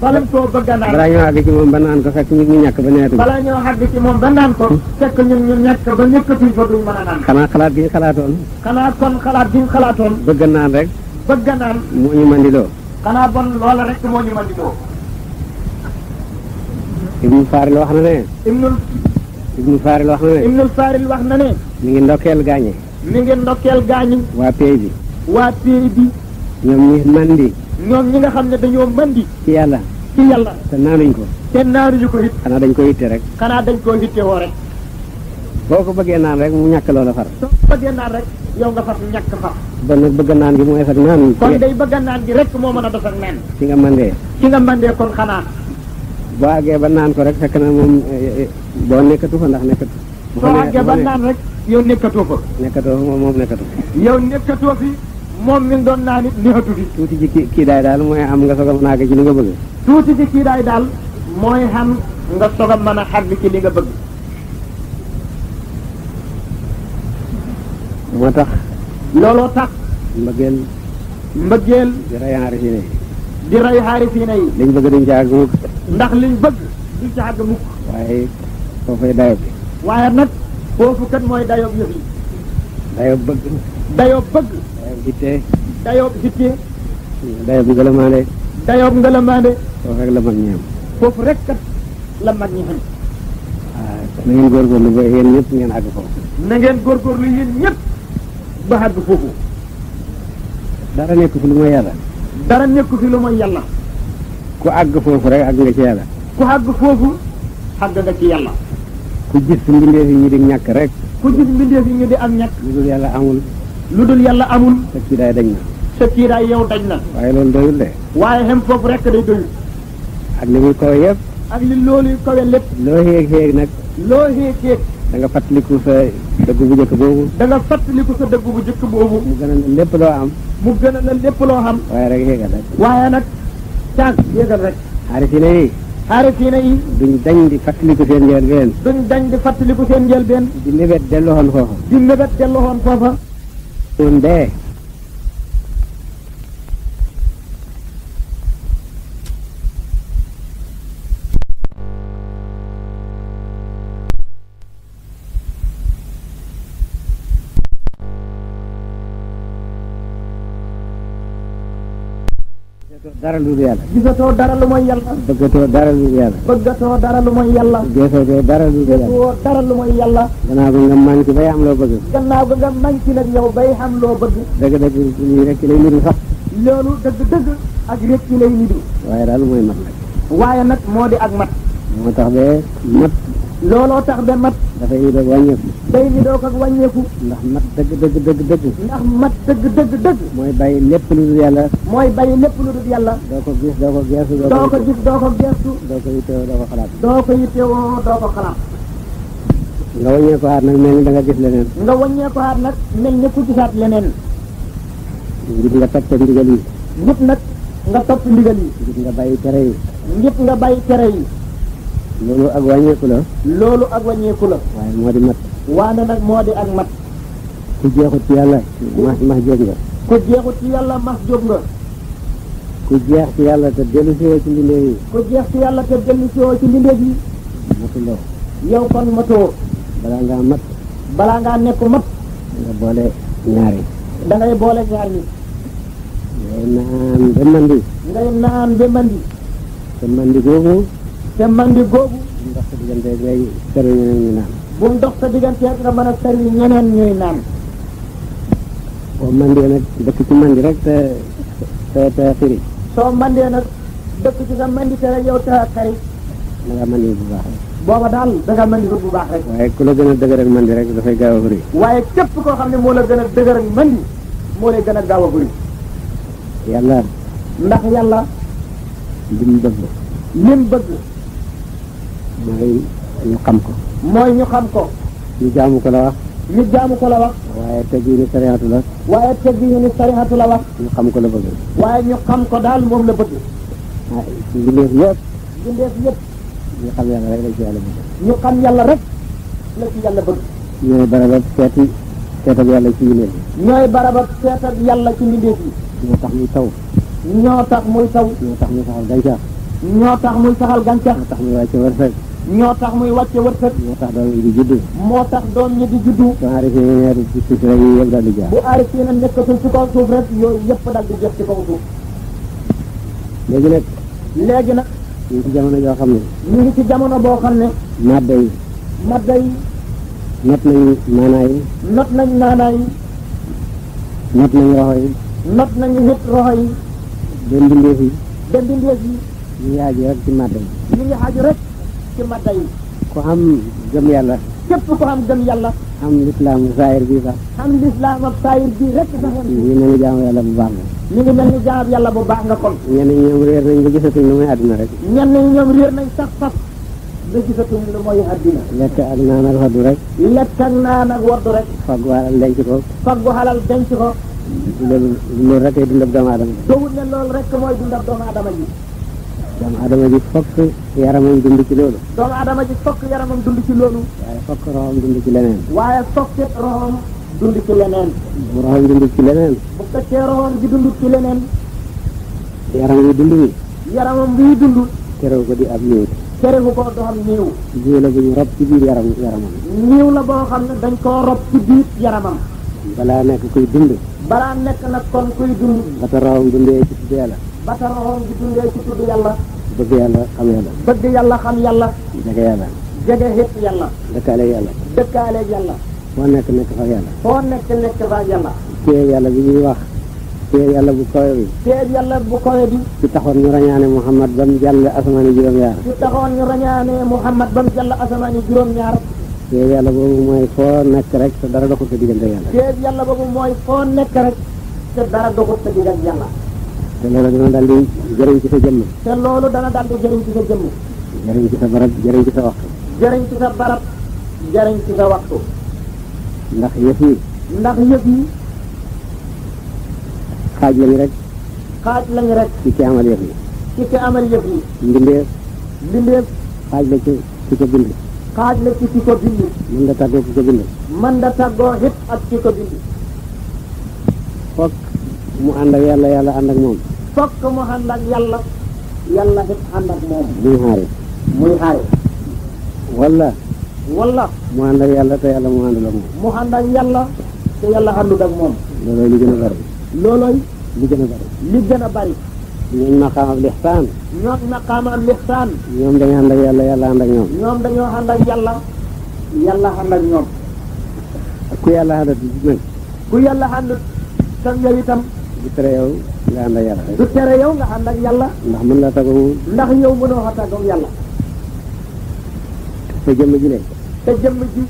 balam ko bëgg bala ñoo àgg ci moom ba naan ko fekk ñu ñu ñàkk ba neetu bala ñoo àgg ci moom ba naan ko fekk ñun ñu ñàkk ba ñëkkatuñ ko duñ mën a naan xanaa xalaat gi ñu xalaatoon xanaa kon xalaat gi ñu xalaatoon bëgg naan rek bëgg naan moo ñu mandi mandiloo xanaa bon loola rek moo ñu mandi mandiloo ibnu faaril wax na ne ibnu ibnu faaril wax na ne ibnu faaril wax na ne mi ngi ndokkeel gaañi mi ngi ndokkeel gaañi waa pay bi waa pay bi ñoom ñi mandi ñoom ñi nga xam ne dañoo mandi ci yàlla ci yàlla te naanuñ ko te naanuñu ko it xanaa dañ ko yitte rek xanaa dañ ko yitte woo rek boo ko bëggee naan rek mu ñàkk loola far soo bëggee naan rek yow nga far ñàkk far ba nag bëgg naan gi mooy sax naan kon day bëgg naan gi rek moo mën a def ak naan ci nga mandee ci nga mandee kon xanaa boo àggee ba naan ko rek fekk na moom eh, eh, eh, boo nekkatu fa ndax nekkatu soo àggee ba naan rek yow nekkatoo fa nekkatoo fa moom nekkatu yow nekkatoo fi moom mi doon naa it néewtu bi. tuuti ci kii kii daal mooy am nga soog a mën a àgg ci li nga bëgg. tuuti ci kii daal mooy xam nga mën a àgg ci li nga bëgg. moo tax. looloo tax. mbëggeel. mbëggeel. di rey aarifiina yi. di rey aarifiina yi. liñ bëgg duñ ci àgg mukk. ndax liñ bëgg duñ ci àgg mukk. waaye foofay dayoo bi. waaye nag foofu kat mooy dayoo bi yëf dayo bëgg dayo bëgg dayo gitte dayo gitte dayo ngelamane dayo ngelamane foofu rek la mag ñi am rek kat la mag ñi ah, na ngeen góorgóorlu ba yéen ñëpp ngeen na ngeen ba dara nekk fi lu dara nekk fi lu ku rek nga ci ku nga ci ku gis yi di rek ku gis mbindeef yi ñu di ak ñàkk lu dul yàlla amul lu dul yàlla amul sa kiiraay dañ na sa kiiraay yow dañ na waaye loolu doyul de waaye xem foofu rek day doyul ak li muy kawe yëpp ak li loolu kawe lépp loo xéeg xéeg nag loo xéeg xéeg da nga fàttaliku sa dëgg bu njëkk boobu da nga sa dëgg bu njëkk boobu mu gën a la lépp loo am mu gën a la lépp loo xam waaye rek xéegal rek waaye nag càng xéegal rek xaari si ne nii aarifiina yi duñ dañ di fàttaliku seen njëlbeen duñ dañ di fàttaliku seen njëlbeen di mébét delloxoon foofa di mébét delloxoon foofa woon dee dara lu dul yàlla. gisatoo dara lu mooy yàlla. bëggatoo dara lu dul yàlla. bëggatoo dara lu mooy yàlla. geesatoo dara lu dul yàlla. geesoo dara lu mooy yàlla. gannaaw ga nga mànk bay am loo bëgg. gannaaw ga nga mànk nag yow bay am loo bëgg. dëgg-dëgg lii rek lay niru sax. loolu dëgg-dëgg ak rek lay niru. waaye daal mooy mat waaye nag moo di ak mat. moo tax ba mat. looloo tax ba mat dafay nidoog wàññeeku day nidoog ak wàññeeku ndax mat dëgg dëgg dëgg dëgg ndax mat dëgg dëgg dëgg mooy bàyyi lépp lu dul yàlla mooy bàyyi lépp lu dul yàlla doo ko gis doo ko geestu doo ko gis doo ko geestu doo ko yittewoo doo ko xalaat doo ko yittewoo doo ko xalaat nga wàññee ko aar nag mel ni da gis leneen nga wàññee ko nag mel ni ku gisaat leneen ngir nga topp ndigal yi ngir nag nga topp ndigal yi bàyyi tere yi ngir nga bàyyi tere yi lolu ak wàññeeku la lolu ak wàññeeku la waaye moo di mat waane nag moo di ak mat ku jeexut ci yàlla max max jóg nga ku jeexut ci yàlla max jóg nga ku jeex ci yàlla te dellu si ci mbindeef yi ku jeex ci yàlla te dellu si ci mbindeef yi matuloo yow kon matoo balaa ngaa mat balaa ngaa nekk mat nga boole ñaari da ngay boole ñaar ñi ngay naan ba mandi ngay naan ba mandi te mandi googu te mandi googu bu ndox sa diggante ak lay sëriñ ñeneen ñuy naan bu ndox sa diggante ak nga mën a sëriñ ñeneen ñuy naan boo mandee nag dëkk ci mandi rek te te te xiri soo mandee nag dëkk ci sa mandi te rek yow te xari da nga mandi bu baax rek booba daal da nga mandi bu baax rek waaye ku la gën dëgër ak mandi rek dafay gaaw a xiri waaye képp koo xam ne la gën dëgër ak mandi moo lay gën a gaaw a ndax yàlla lim bëgg lim bëgg mooy ñu xam ko mooy ñu xam ko ñu jaamu ko la wax ñu jaamu ko la wax waaye teggi ni sariatu la waaye teggi ni sariatu la wax ñu xam ko la bëgg waaye ñu xam ko daal moom la bëgg ah mbindeef yëpp mbindeef yëpp ñu xam yàlla rek la ci yàlla bëgg ñu xam yàlla rek la ci yàlla bëgg ñooy barabab seeti seet ak yàlla ci mbindeef yi ñooy barabab seet ak yàlla ci mbindeef yi ñoo tax muy taw ñoo tax muy taw ñoo tax muy saxal gàncax ñoo tax muy saxal gàncax ñoo tax muy wàcce wërsëg ñoo tax muy wàcce wërsëg. moo tax doom yi di juddu. moo tax doom ñi di juddu. bu aaree fii nag ci suuf rek yooyu yëpp daal di jaar. bu kaw suuf rek yooyu yëpp daal di jot ci kaw suuf. léegi nekk léegi nag. ñu ngi ci jamono yoo xam ne. ñu ngi ci jamono boo xam ne. madda yi. madda yi. not nañu maanaa yi. not nañ maanaa yi. not nañ roxo yi. not nañ nit roxo yi. dem bindeef yi. dem yi. ñu ngi aaju ci madda yi. rek. ci madda yi ku am gëm yàlla képp ku am gëm yàlla am lislaam saayir bi sax am lislaam ak saayir bi rek sax ñu ni ñoom réer nañ ba gisatuñ lu mooy àddina rek ñenn ñoom réer nañ sax sax ba gisatuñ lu mooy àddina lekk ak naan ak rek lekk ak naan ak rek faggu xalal denc ko ko loolu loolu rek ay dundab doomu aadama doomu adama ji fokk yaramam dund ci loolu doomu adama ji fokk yaramam dund ci loolu waaye fokk roxam dund ci leneen waaye fokk roxam dund ci leneen bu roxam dund ci leneen bu fekkee roxam ji dund ci dund bi bi dund terew ko di ab néew terewu ko doon néew néew la bu ñu rob ci biir yaram yaramam néew la boo xam ne dañ koo rob ci biir yaramam balaa nekk kuy dund balaa nekk na kon kuy dund ba te roxam dundee ci yàlla ba sa roxoom di dundee ci tudd yàlla bëgg yàlla xam yàlla bëgg yàlla xam yàlla jege yàlla jege xëpp yàlla dëkkaaleeg yàlla dëkkaaleeg yàlla foo nekk nekk fa yàlla foo nekk nekk fa yàlla téye yàlla bi ñuy wax téye yàlla bu kawe bi téye yàlla bu kawe bi ci taxoon ñu rañaane Muhammad ba mu jàll asamaani juróom-ñaar ci taxoon ñu rañaane Muhammad ba mu jàll asamaani juróom-ñaar téye yàlla boobu mooy foo nekk rek te dara doxul sa diggante yàlla téye yàlla boobu mooy foo nekk rek te dara doxul sa diggante yàlla te loolu dana daal di jëriñ ci sa jëmm. te loolu dana daal di jëriñ ci sa jëmm. jëriñ ci sa barab jëriñ ci sa waxtu. jëriñ ci sa barab jëriñ ci sa waxtu. ndax yëf yi. ndax yëf yi. xaaj lañu rek. xaaj lañu rek. ki amal yëf yi. ci ki amal yëf yi. mbindeef. mbindeef. xaaj la ci ci ko bind. xaaj la ci ci ko bind. mën nga tàggoo ak ci ko bind. fokk. mu ànd ak yàlla yàlla ànd ak moom fokk mu ànd ak yàlla yàlla def ànd ak moom muy xaari muy xaari wala wala mu ànd ak yàlla te yàlla mu àndul ak moom mu ànd ak yàlla te yàlla àndul ak moom loolooy li gën a bari loolooy li gën a bari li gën a bari ñoom maqaam ak lixsaan ñoom maqaam ak lixsaan ñoom dañu ànd ak yàlla yàlla ànd ak ñoom ñoom dañoo ànd ak yàlla yàlla ànd ak ñoom ku yàlla àndat nag ku yàlla àndat tam yow itam du tere yow nga ànd ak yàlla du tere yow nga ànd ak yàlla ndax mën laa tàggoo ndax yow mënoo xa tàggoo yàlla te jëmm ji ne te jëmm ji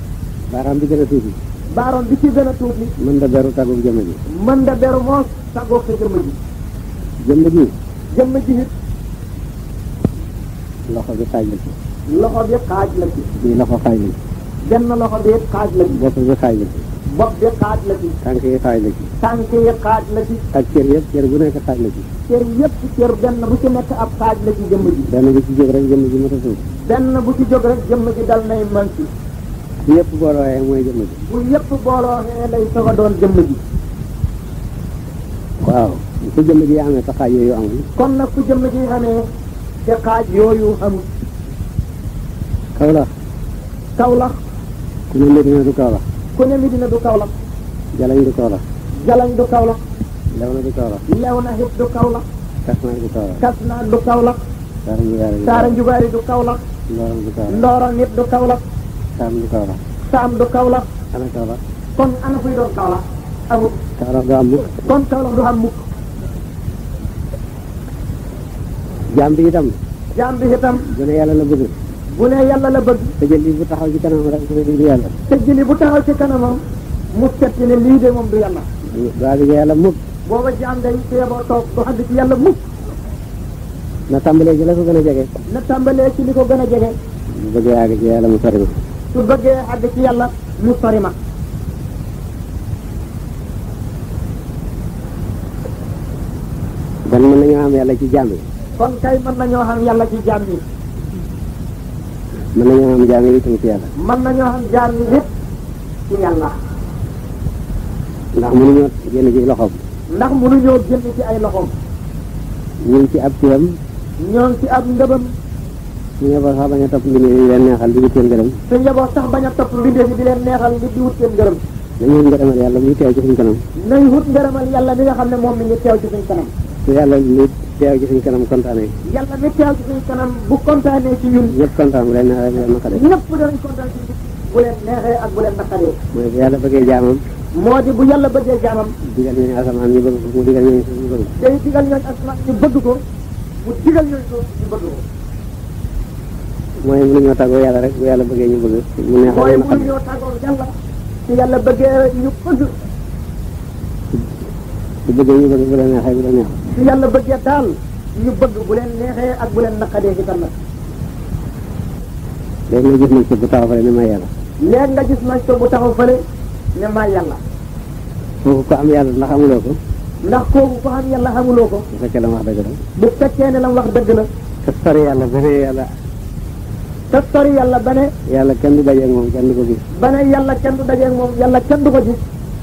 baaraam bi gën a tuuti baaraam bi ci gën a tuuti mën da beru tàggoog jëmm ji mën da beru moos tàggoog sa jëmm ji jëmm ji it loxo bi xaaj la ci loxo bi xaaj la ci loxo xaaj la ci benn loxo bi xaaj la ci bopp bi xaaj la ci. tànk yi xaaj la ci. tànk yi xaaj la ci. ak cër yëpp cër bu nekk xaaj la ci. cër yëpp cër benn bu ci nekk ab xaaj la ci jëmm ji. benn bu ci jóg rek jëmm ji mën a suuf. benn bu ci jóg rek jëmm ji dal nay mën ci. bu yëpp boolooxee mooy jëmm ji. bu yëpp boolooxee lay soog doon jëmm ji. waaw ku jëmm ji amee te xaaj yooyu amul. kon nag ku jëmm ji amee te xaaj yooyu amul. Kawlax. Kawlax. ku ne Medina du Kawlax. ku ne medina du kaw la jalañ du kaw la jalañ du kaw la lewna du kaw la lewna hit du kaw la kasna du kaw la kasna du kaw la sara njugaari du kaw la nit du kaw la sam du kaw sam du kaw la ana kaw kon ana fuy do kaw la amuk kaw la kon kaw la du jambi itam jambi itam gëna yalla la bëgg bu ne yàlla la bëgg tëjëli bu taxaw ci kanamam rek ne lii du yàlla tëjëli bu taxaw ci kanamam mu seet ne lii de moom du yàlla du àgg yàlla mukk booba jaam day teeboo toog du àgg ci yàlla mukk na tàmbalee ci la ko gën jege na tàmbalee ci li ko gën a jege su bëggee àgg ci yàlla mu sori ma su bëggee àgg ci yàlla mu sori ma kon mën nañoo am yàlla ci jaam yi kon kay mën nañoo xam yàlla ci jaam mën nañoo xam jaam yi tamit ci yàlla. mën nañoo xam jaam yi lépp ci yàlla. ndax mu génn ci loxoom. ndax mënuñoo génn ci ay loxoom. ñu ci ab téyam. ñoo ci ab ndëbam. suñu yeboo sax bañ a topp mbindee yi di leen neexal di wut seen gërëm. suñu yeboo sax bañ a topp mbindee di wut seen gërëm. nañu wut ngërëmal yàlla muy teew ci suñu kanam. nañ wut ngërëmal yàlla li nga xam ne moom mi ngi teew ci suñu kanam. su yàlla mi teew ci suñ kanam kontaanee. yàlla mi teew ci suñ kanam bu kontaanee ci ñun. ñëpp kontaan bu leen neexee ak bu leen naqaree. ñëpp danañ kontaan ci ñun bu leen neexee ak bu leen naqaree. mooy bu yàlla bëggee jaamam. moo di bu yàlla bëggee jaamam. digal ñooñu asamaan ñu bëgg ko mu digal ñooñu suuf ñu bëgg ko. day digal ñooñu asamaan ñu yàlla rek bu yàlla bëggee ñu bëgg. mu neexee ak mu naqaree mooy mënuñoo yàlla. su yàlla bëggee ñu bëgg su bëggee ñu bëgg bu la neexee bu la neex su yàlla bëggee daal bëgg bu leen ak bu leen naqadee ci tam nag léegi nga gis monsieur bu taxa fële ne ma yàlla léegi nga gis monsieur bu taxaw fële ne ma yàlla kooku ko am yàlla ndax amuloo ko ndax kooku ko am yàlla amuloo ko bu fekkee la mu wax dëgg la bu fekkee ne la mu wax dëgg la te sori yàlla ba ne yàlla te sori yàlla ba yàlla kenn du dajeeg moom kenn du ko gis ba ne yàlla kenn du dajeeg moom yàlla kenn du ko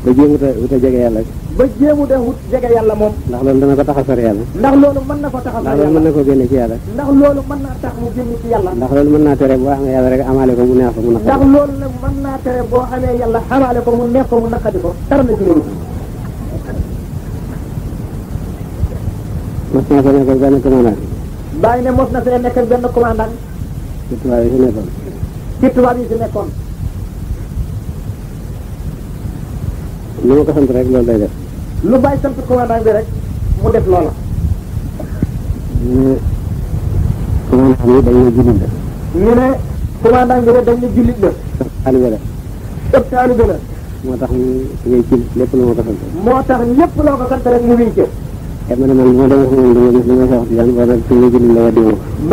ba jéemu te wut a jege yàlla ba jéemu de wut jege yàlla moom ndax loolu dana ko tax a sori yàlla ndax loolu mën na ko tax a sori yàlla ndax loolu mën na ko génne ci yàlla ndax loolu mën naa tax mu génn ci yàlla ndax loolu mën na tere boo amee yàlla rek amaale ko mu neex ko mu naqadi ndax loolu nag naa tere boo amee yàlla amaale ko mu neex mu naqadi ko dara na ci loolu mos naa ko nekkal benn commandant bàyyi ne mos na see nekkal benn commandant ci tubaab yi fi yi fi nekkoon lu ma ko sant rek loolu day def lu bàyyi sant commandant bi rek mu def loola ñu commandant dañ la jullit la ñu ne commandant bi rek dañ la jullit la taalibe la ëpp taalibe la moo tax mu wéy ci lépp lu ma ko sant moo tax lépp loo ko sant rek mu wéy ci man man mo dem xamul yalla ba rek ñu la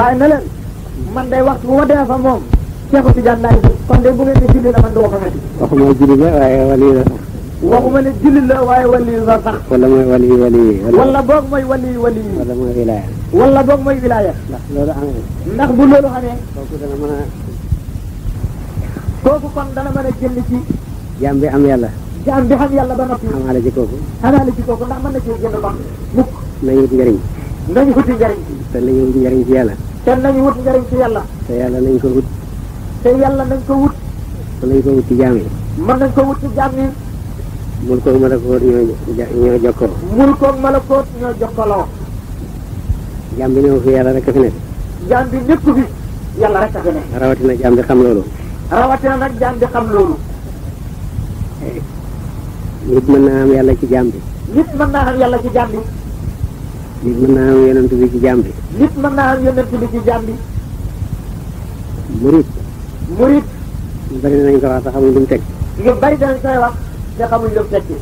bay na len man day waxtu bu mom tidiane kon bu ngeen di julli la man do ko xamati waxuma julli la waye wali la waxuma ne jullit la waaye waliyu la sax. wala mooy waliyu waliyu. wala boog mooy waliyu waliyu. wala mooy wilaya. wala boog mooy wilaya. ndax loolu amee. ndax bu loolu xamee. kooku dana mën a. kooku kon dana mën a jënd ci. jaam bi am yàlla. jaam bi xam yàlla ba noppi. xamaale ci kooku. xamaale ci kooku ndax mën na cee jënd baax. mukk nañu wut njëriñ. nañu wuti njëriñ. te nañu wut njëriñ ci yàlla. te nañu wut njëriñ ci yàlla. te yàlla nañ ko wut. te yàlla nañ ko wut. mën nañ ko wut ci jaam yi. mën nañ ko wut ci jaam yi mul ko malakoot ñoo jokkoo mul ko malakoot ñoo jokkaloo jaam bi néew fi yàlla rek a fi nekk jaam bi nekku fi yàlla rek a fi nekk rawatina jaam xam loolu rawatina nag jaam bi xam loolu nit mën naa am yàlla ci jaam bi nit mën naa am yàlla ci jaam bi nit mën naa am yonent bi ci jaam bi nit mën naa am yonent bi ci jaam murit murit ñu bari nañ ko wax te xamuñ lu mu teg ñu bari danañ koy wax te xamuñ lu tekki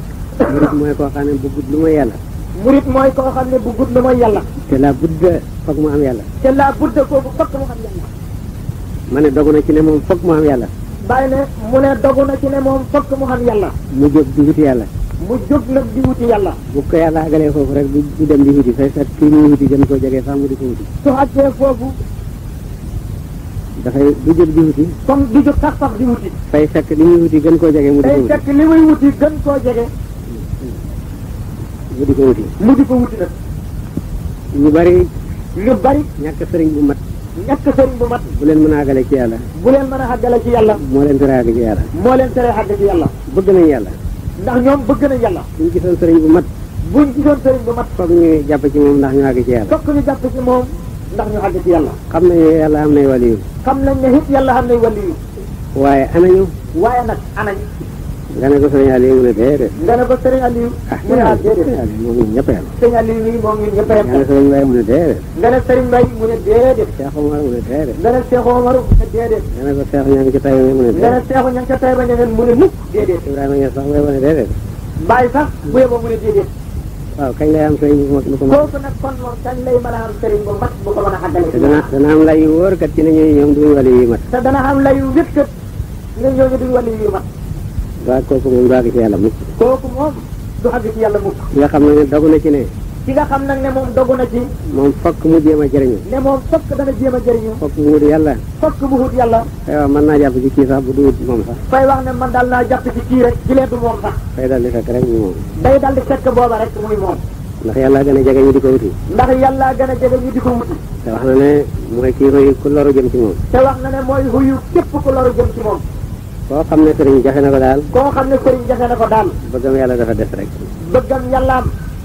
murit mooy koo xam ne bëggut lu mooy yàlla murit mooy koo xam ne bëggut lu mooy yàlla te laa budda foog mu am yàlla te laa budda foog mu am yàlla ma ne dogu na ci ne moom foog mu am yàlla bàyyi ne mu ne na ci ne moom foog mu am yàlla mu jóg di wuti yàlla mu jóg nag di wuti yàlla bu ko yàlla agalee foofu rek du dem di wuti fay fekk kii muy wuti gën koo jege sax mu di ko wuti su àggee foofu dafay du jël di wuti kon du jóg sax sax di wuti fay fekk li muy wuti gën koo jege mu di ko wuti li muy wuti gën koo jege mu di ko wuti mu ñu bari ñu bari ñàkk sëriñ bu mat ñàkk sëriñ bu mat bu leen mën a àggale ci yàlla bu leen mën a àggale ci yàlla moo leen tere àgg ci moo leen tere àgg ci yàlla bëgg nañ yàlla ndax ñoom bëgg nañ yàlla buñ gisoon sëriñ bu mat buñ gisoon sëriñ bu mat foog ñu jàpp ci moom ndax ñu àgg ci yàlla foog ñu jàpp ci moom ndax ñu àgg ci yàlla xam nañ ne yàlla am nay waliyu xam nañ ne it yàlla am nay waliyu waaye anañu waaye nag anañu nga ne ko sëriñ Aliou mu ne déedéet nga ne ko sëriñ Aliou mu ne ah déedéet moom ñun ñëpp yam sëriñ Aliou mii moom ñun ñëpp yam nga ne sëriñ Mbaye mu ne déedéet nga ne sëriñ Mbaye mu ne déedéet Cheikh Omar mu ne déedéet nga ne Cheikh Omar mu ne déedéet nga ne ko Cheikh Ñang ca tay mu ne déedéet nga ne Cheikh Ñang ca tay ba ñeneen mu ne mukk déedéet Ibrahima Ñang sax mu ne déedéet Mbaye sax bu yeboo mu ne déedéet waaw kañ lay am sëriñ bu mat bu ko kooku nag kon moom kañ lay mën a am sëriñ bu mat bu ko mën a àggale te dana dana am lay yu wóor kat ci ne ñooñu ñoom duñu wàllu yu mat te dana am lay yu wét kat ne ñooñu duñu wàllu yu mat waaw kooku moom du àgg ci yàlla mukk kooku moom du àgg ci yàlla mukk xam ne dogu na ci ne ki nga xam nag ne moom dogu na ci moom fokk mu jéem a jëriñu ne moom fokk dana jéem a jëriñu fokk mu wut yàlla fokk mu wut yàlla fay wax mën naa jàpp ci kii sax bu duwut moom sax fay wax ne man daal naa jàpp ci kii rek jilee du moom sax fay dal di fekk rek muy moom day dal di fekk booba rek muy moom ndax yàlla gën a jege ñu di ko wuti ndax yàlla gën a jege ñu di ko wuti te wax na ne mooy kii xuyu ku loru jëm ci moom te wax na ne mooy xuyu képp ku loru jëm ci moom koo xam ne sëriñ jafe na ko daal koo xam ne sëriñ jafe na ko daal bëggam yàlla dafa def rek bëggam yàllaam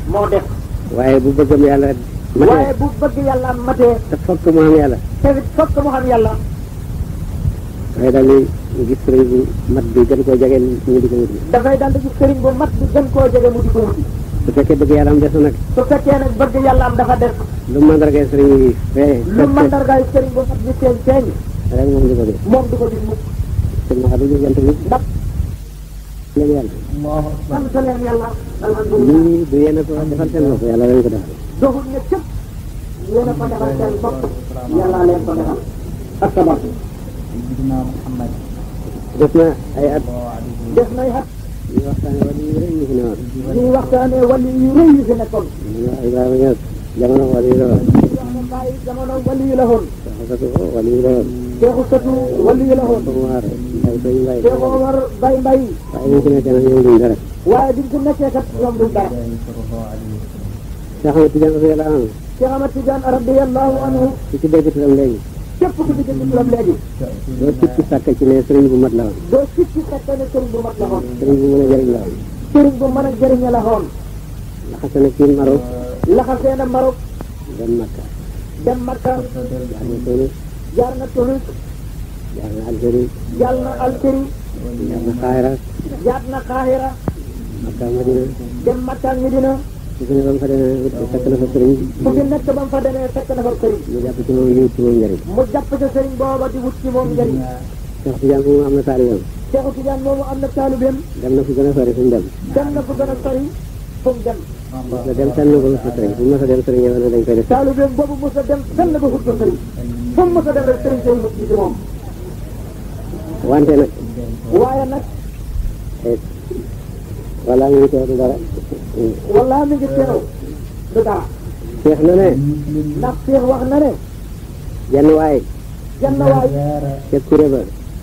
moo def waaye bu bëggam yàlla matee waaye bu bëgg yàlla matee te fokk mu xam yàlla te fokk mu xam yàlla dafay daal di gis sëriñ bu mat bi gën koo jege mu di ko wuti dafay daal di gis sëriñ bu mat bi gën koo jege mu di ko wuti su fekkee bëgg yàlla am des na nag su fekkee nag bëgg yàlla am dafa des lu mandargaay sëriñ bi fee lu mandargaay sëriñ bu mat bi feeñ feeñ rek moom du ko gis moom du ko gis mukk sëriñ ma xam du gis jant bi lañu yàlla. sant leen yàlla. alhamdulilah lii du yéen a ko defal seen bopp yàlla lañ ko defal. doxul ne cëpp. yéen a ko defal seen bopp yàlla leen ko defal. ak tabax. def na ay at. def na ay at. ñuy waxtaanee wàllu yu rëy yu fi nekkoon. ñuy waxtaanee wàllu yu rëy yu fi nekkoon. Ibrahima Niass jamono wàllu yu la woon. jamono wàllu yu la woon. Cheikh Ousseynou wàllu yi la xoon. Cheikh Omar Baye Mbaye. waaye ñu yang nekkee nag ñoom duñ dara. kat ñoom duñ dara. Cheikh Ahmed Tidiane radiyallahu anhu. Cheikh Ahmed Tidiane radiyallahu anhu. ku ci dégg turam léegi. képp ku ci dégg turam léegi. doo sikki sàkk Sering ne sëriñ bu mat la woon. doo sikki sàkk ne sëriñ bu jaar na Tuluj. jaar na Algérie. jaar na Algérie. jaar na Xaahira. jaar na Xaahira. Makka Madina. dem Makka Madina. su fi ne ba mu fa demee fekk na fa sëriñ. su fi nekk ba mu fa demee fekk na fa sëriñ. mu jàpp ci moom di wut ci moom njëriñ. mu jàpp ci sëriñ booba di wut ci moom njëriñ. Cheikh Tidiane moomu am na taalibeem. Cheikh Tidiane moomu am na taalibeem. dem na fu gën a sori fu mu dem. dem na fu gën a sori fu mu dem. mos na dem fenn ba mos a sëriñ bu mos a dem sëriñ yow dañ koy def. taalu beeg boobu mos a dem fenn ba xut ko sëriñ fu mu mos a dem rek sëriñ tey mu ci moom. wante nag. waaye nag. Eh, wala mi ngi teew du dara. wala mi ngi teew du dara. seex na ne. ndax seex wax na ne. jenn waay. jenn waay. ca kuré ba.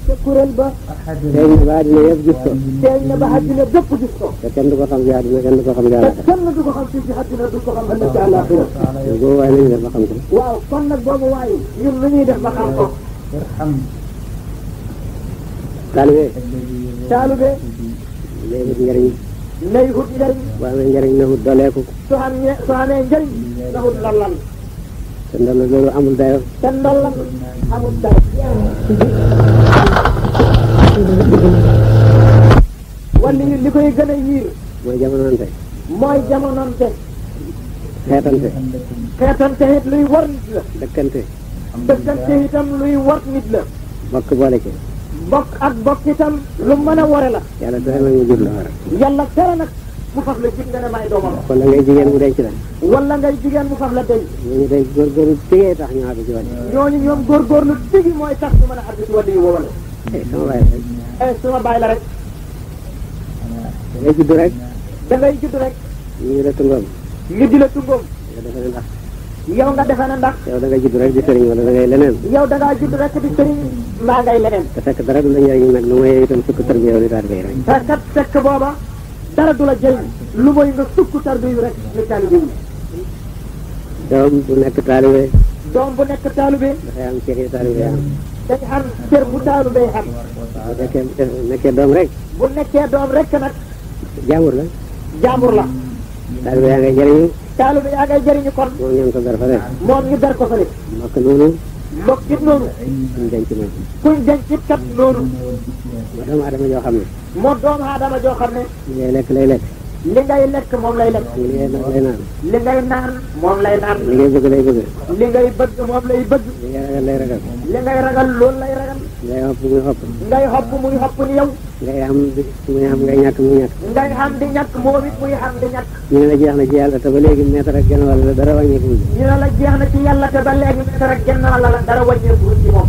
te kuréel ba. feeñ na ba àddina yëpp gis ko. feeñ na ba àddina bépp gis ko. te kenn du ko xam ci àddina kenn du ko xam ci àllaaxira. te kenn du ko xam ci àddina du ko xam ëllëg ci àllaaxira. boobu waaye nañu def ba xam ko. waaw kon nag boobu waaye ñun lu ñuy def ba xam ko. taalibe. taalibe. lay wut njëriñ. lay wut njëriñ. waaw njëriñ na wut dooleeku. su amee su amee njëriñ na wut lan lan. te ndol loolu amul dayo. te ndol amul dayo. wala li koy gën a yiir mooy jamonante mooy jamonante xeetante xeetante it luy war nit la dëkkante dëkkante itam luy war nit la bokk boole ci bokk ak bokk itam lu mën a ware la yàlla tere nag mu jur la war yàlla tere nag mu faf la jig nga ne may doomam wala ngay jigéen mu denc la wala ngay jigéen mu faf la denc ñooñu day góorgóorlu tigee tax ñu àgg ci wàll ñooñu ñoom góorgóorlu tigi mooy tax ñu mën a àgg ci wàll yi wowale eh sama baay la rek. da ngay judd rek. da ngay judd rek. ñu la tungoom. ñu di la tungoom. yow defe na ndax. yow nga defe na ndax. yow da ngay judd rek di sëriñ wala da ngay leneen. yow da ngaa judd rek di sëriñ mbaa ngay leneen. te fekk dara du la njëriñ nag lu may itam sukk tër bi yow li daal bay rek. te kat fekk booba dara du la jëriñ lu mooy nga sukk tër bi rek li taalibe yi. doom bu nekk taalibe. doom bu nekk taalibe. dafay am cër yu taalibe am. day xam cër bu daanu day xam. bu nekkee nekkee doom rek. bu nekkee doom rek nag. jaamur la. jaamur la. taalibe yaa ngay jëriñu. taalibe yaa ngay jëriñu kon. moom ñoo ko ber fa rek. moom ñu ber ko fa rek. mbokk noonu. mbokk it noonu. kuñ denc moom. kuñ noonu. moo doomu aadama joo xam ne. moo doomu aadama joo xam ne. lay lekk lekk. li ngay lekk moom lay lekk. li ngay naan li ngay naan moom lay naan. li ngay bëgg lay bëgg. li ngay bëgg moom lay bëgg. li ngay ragal lay ragal. li ngay ragal loolu lay ragal. ngay xopp muy xopp. ngay xopp muy xopp ni yow. ngay am di muy am ngay ñàkk muy ñàkk. ngay am di ñàkk moom it muy am di ñàkk. ñu ne la jeex na ci yàlla te ba léegi mètre ak genn wàll la dara wàññeeku. ñu ne la jeex na ci yàlla te ba léegi mètre ak genn wàll la dara wàññeeku ci moom.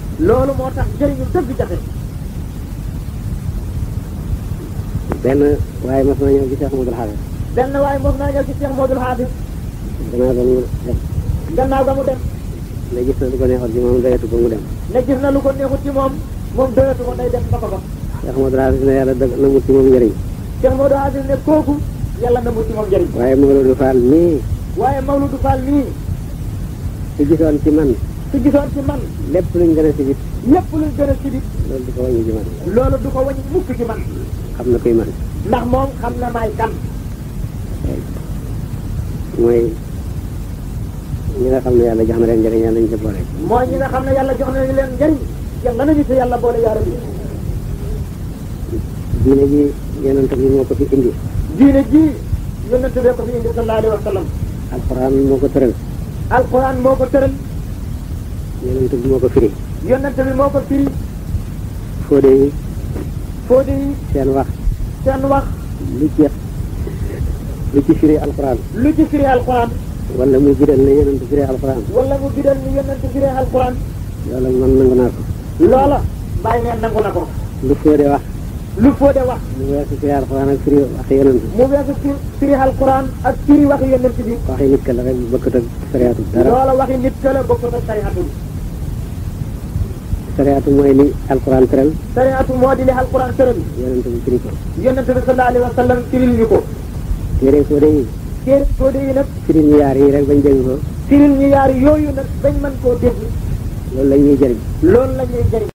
loolu moo tax jëriñu dëgg jafe benn waaye mos na ñëw ci Cheikh Modou Xaafis benn waaye mos na ñëw ci Cheikh Modou Xaafis gannaaw ba mu dem gannaaw ba mu dem ne gis na lu ko neexut ci moom doyatu ko mu dem ne gis na lu ko neexut ci moom moom doyatu ko day dem ba ko ba Cheikh Modou Xaafis ne yàlla dëgg namut ci moom njëriñ Cheikh Modou Xaafis ne kooku yàlla namut ci moom njëriñ waaye Mawludou Fall mii waaye Mawludou Fall mii ci gisoon ci man su gisoon ci man. lépp luñ gën a sibit. a sibit. loolu du ko wàññi ci man. loolu du ko wàññi mukk ci man. xam na koy man. ndax moom xam na maay kan. mooy ñi nga xam ne yàlla jox na leen njëriñ yàlla nañu ca boole. mooy ñi nga xam ne yàlla jox na leen njëriñ yàlla nañu ca yàlla boole yaaram yi. diine ji yonent bi moo ko fi indi. diine ji yonent bi ko fi indi sallallahu alayhi wa sallam. alquran moo ko tëral. alquran moo ko tëral. yonent bi moo ko firi. yonent bi moo ko firi. fóode yi. fóode yi. seen wax. seen wax. lu ci lu ci firi alquran. lu ci firi alquran. wala mu bidal ne yonent firi alquran. wala mu bidal ne yonent firi alquran. loola man nangu naa ko. loola. bàyyi neen nangu na ko. lu fóode wax. lu fóode wax. mu weesu firi alquran ak firi wax yonent. mu weesu firi firi alquran ak firi wax yonent bi. waxi nit ka la rek bokkut ak sariyaatu dara. loola waxi nit ka la bokkut ak sariatu mooy li alquran tëral sariatu moo di li alquran tëral yonente bi firi ko yonente bi sallallahu alayhi wa sallam firil ñu ko téere ko déyi téere ko déyi nag firil ñu yaar yi rek bañ dégg ko firil ñu yaar yooyu nag bañ mën koo dégg loolu la ñuy jëriñ loolu la ñuy jëriñ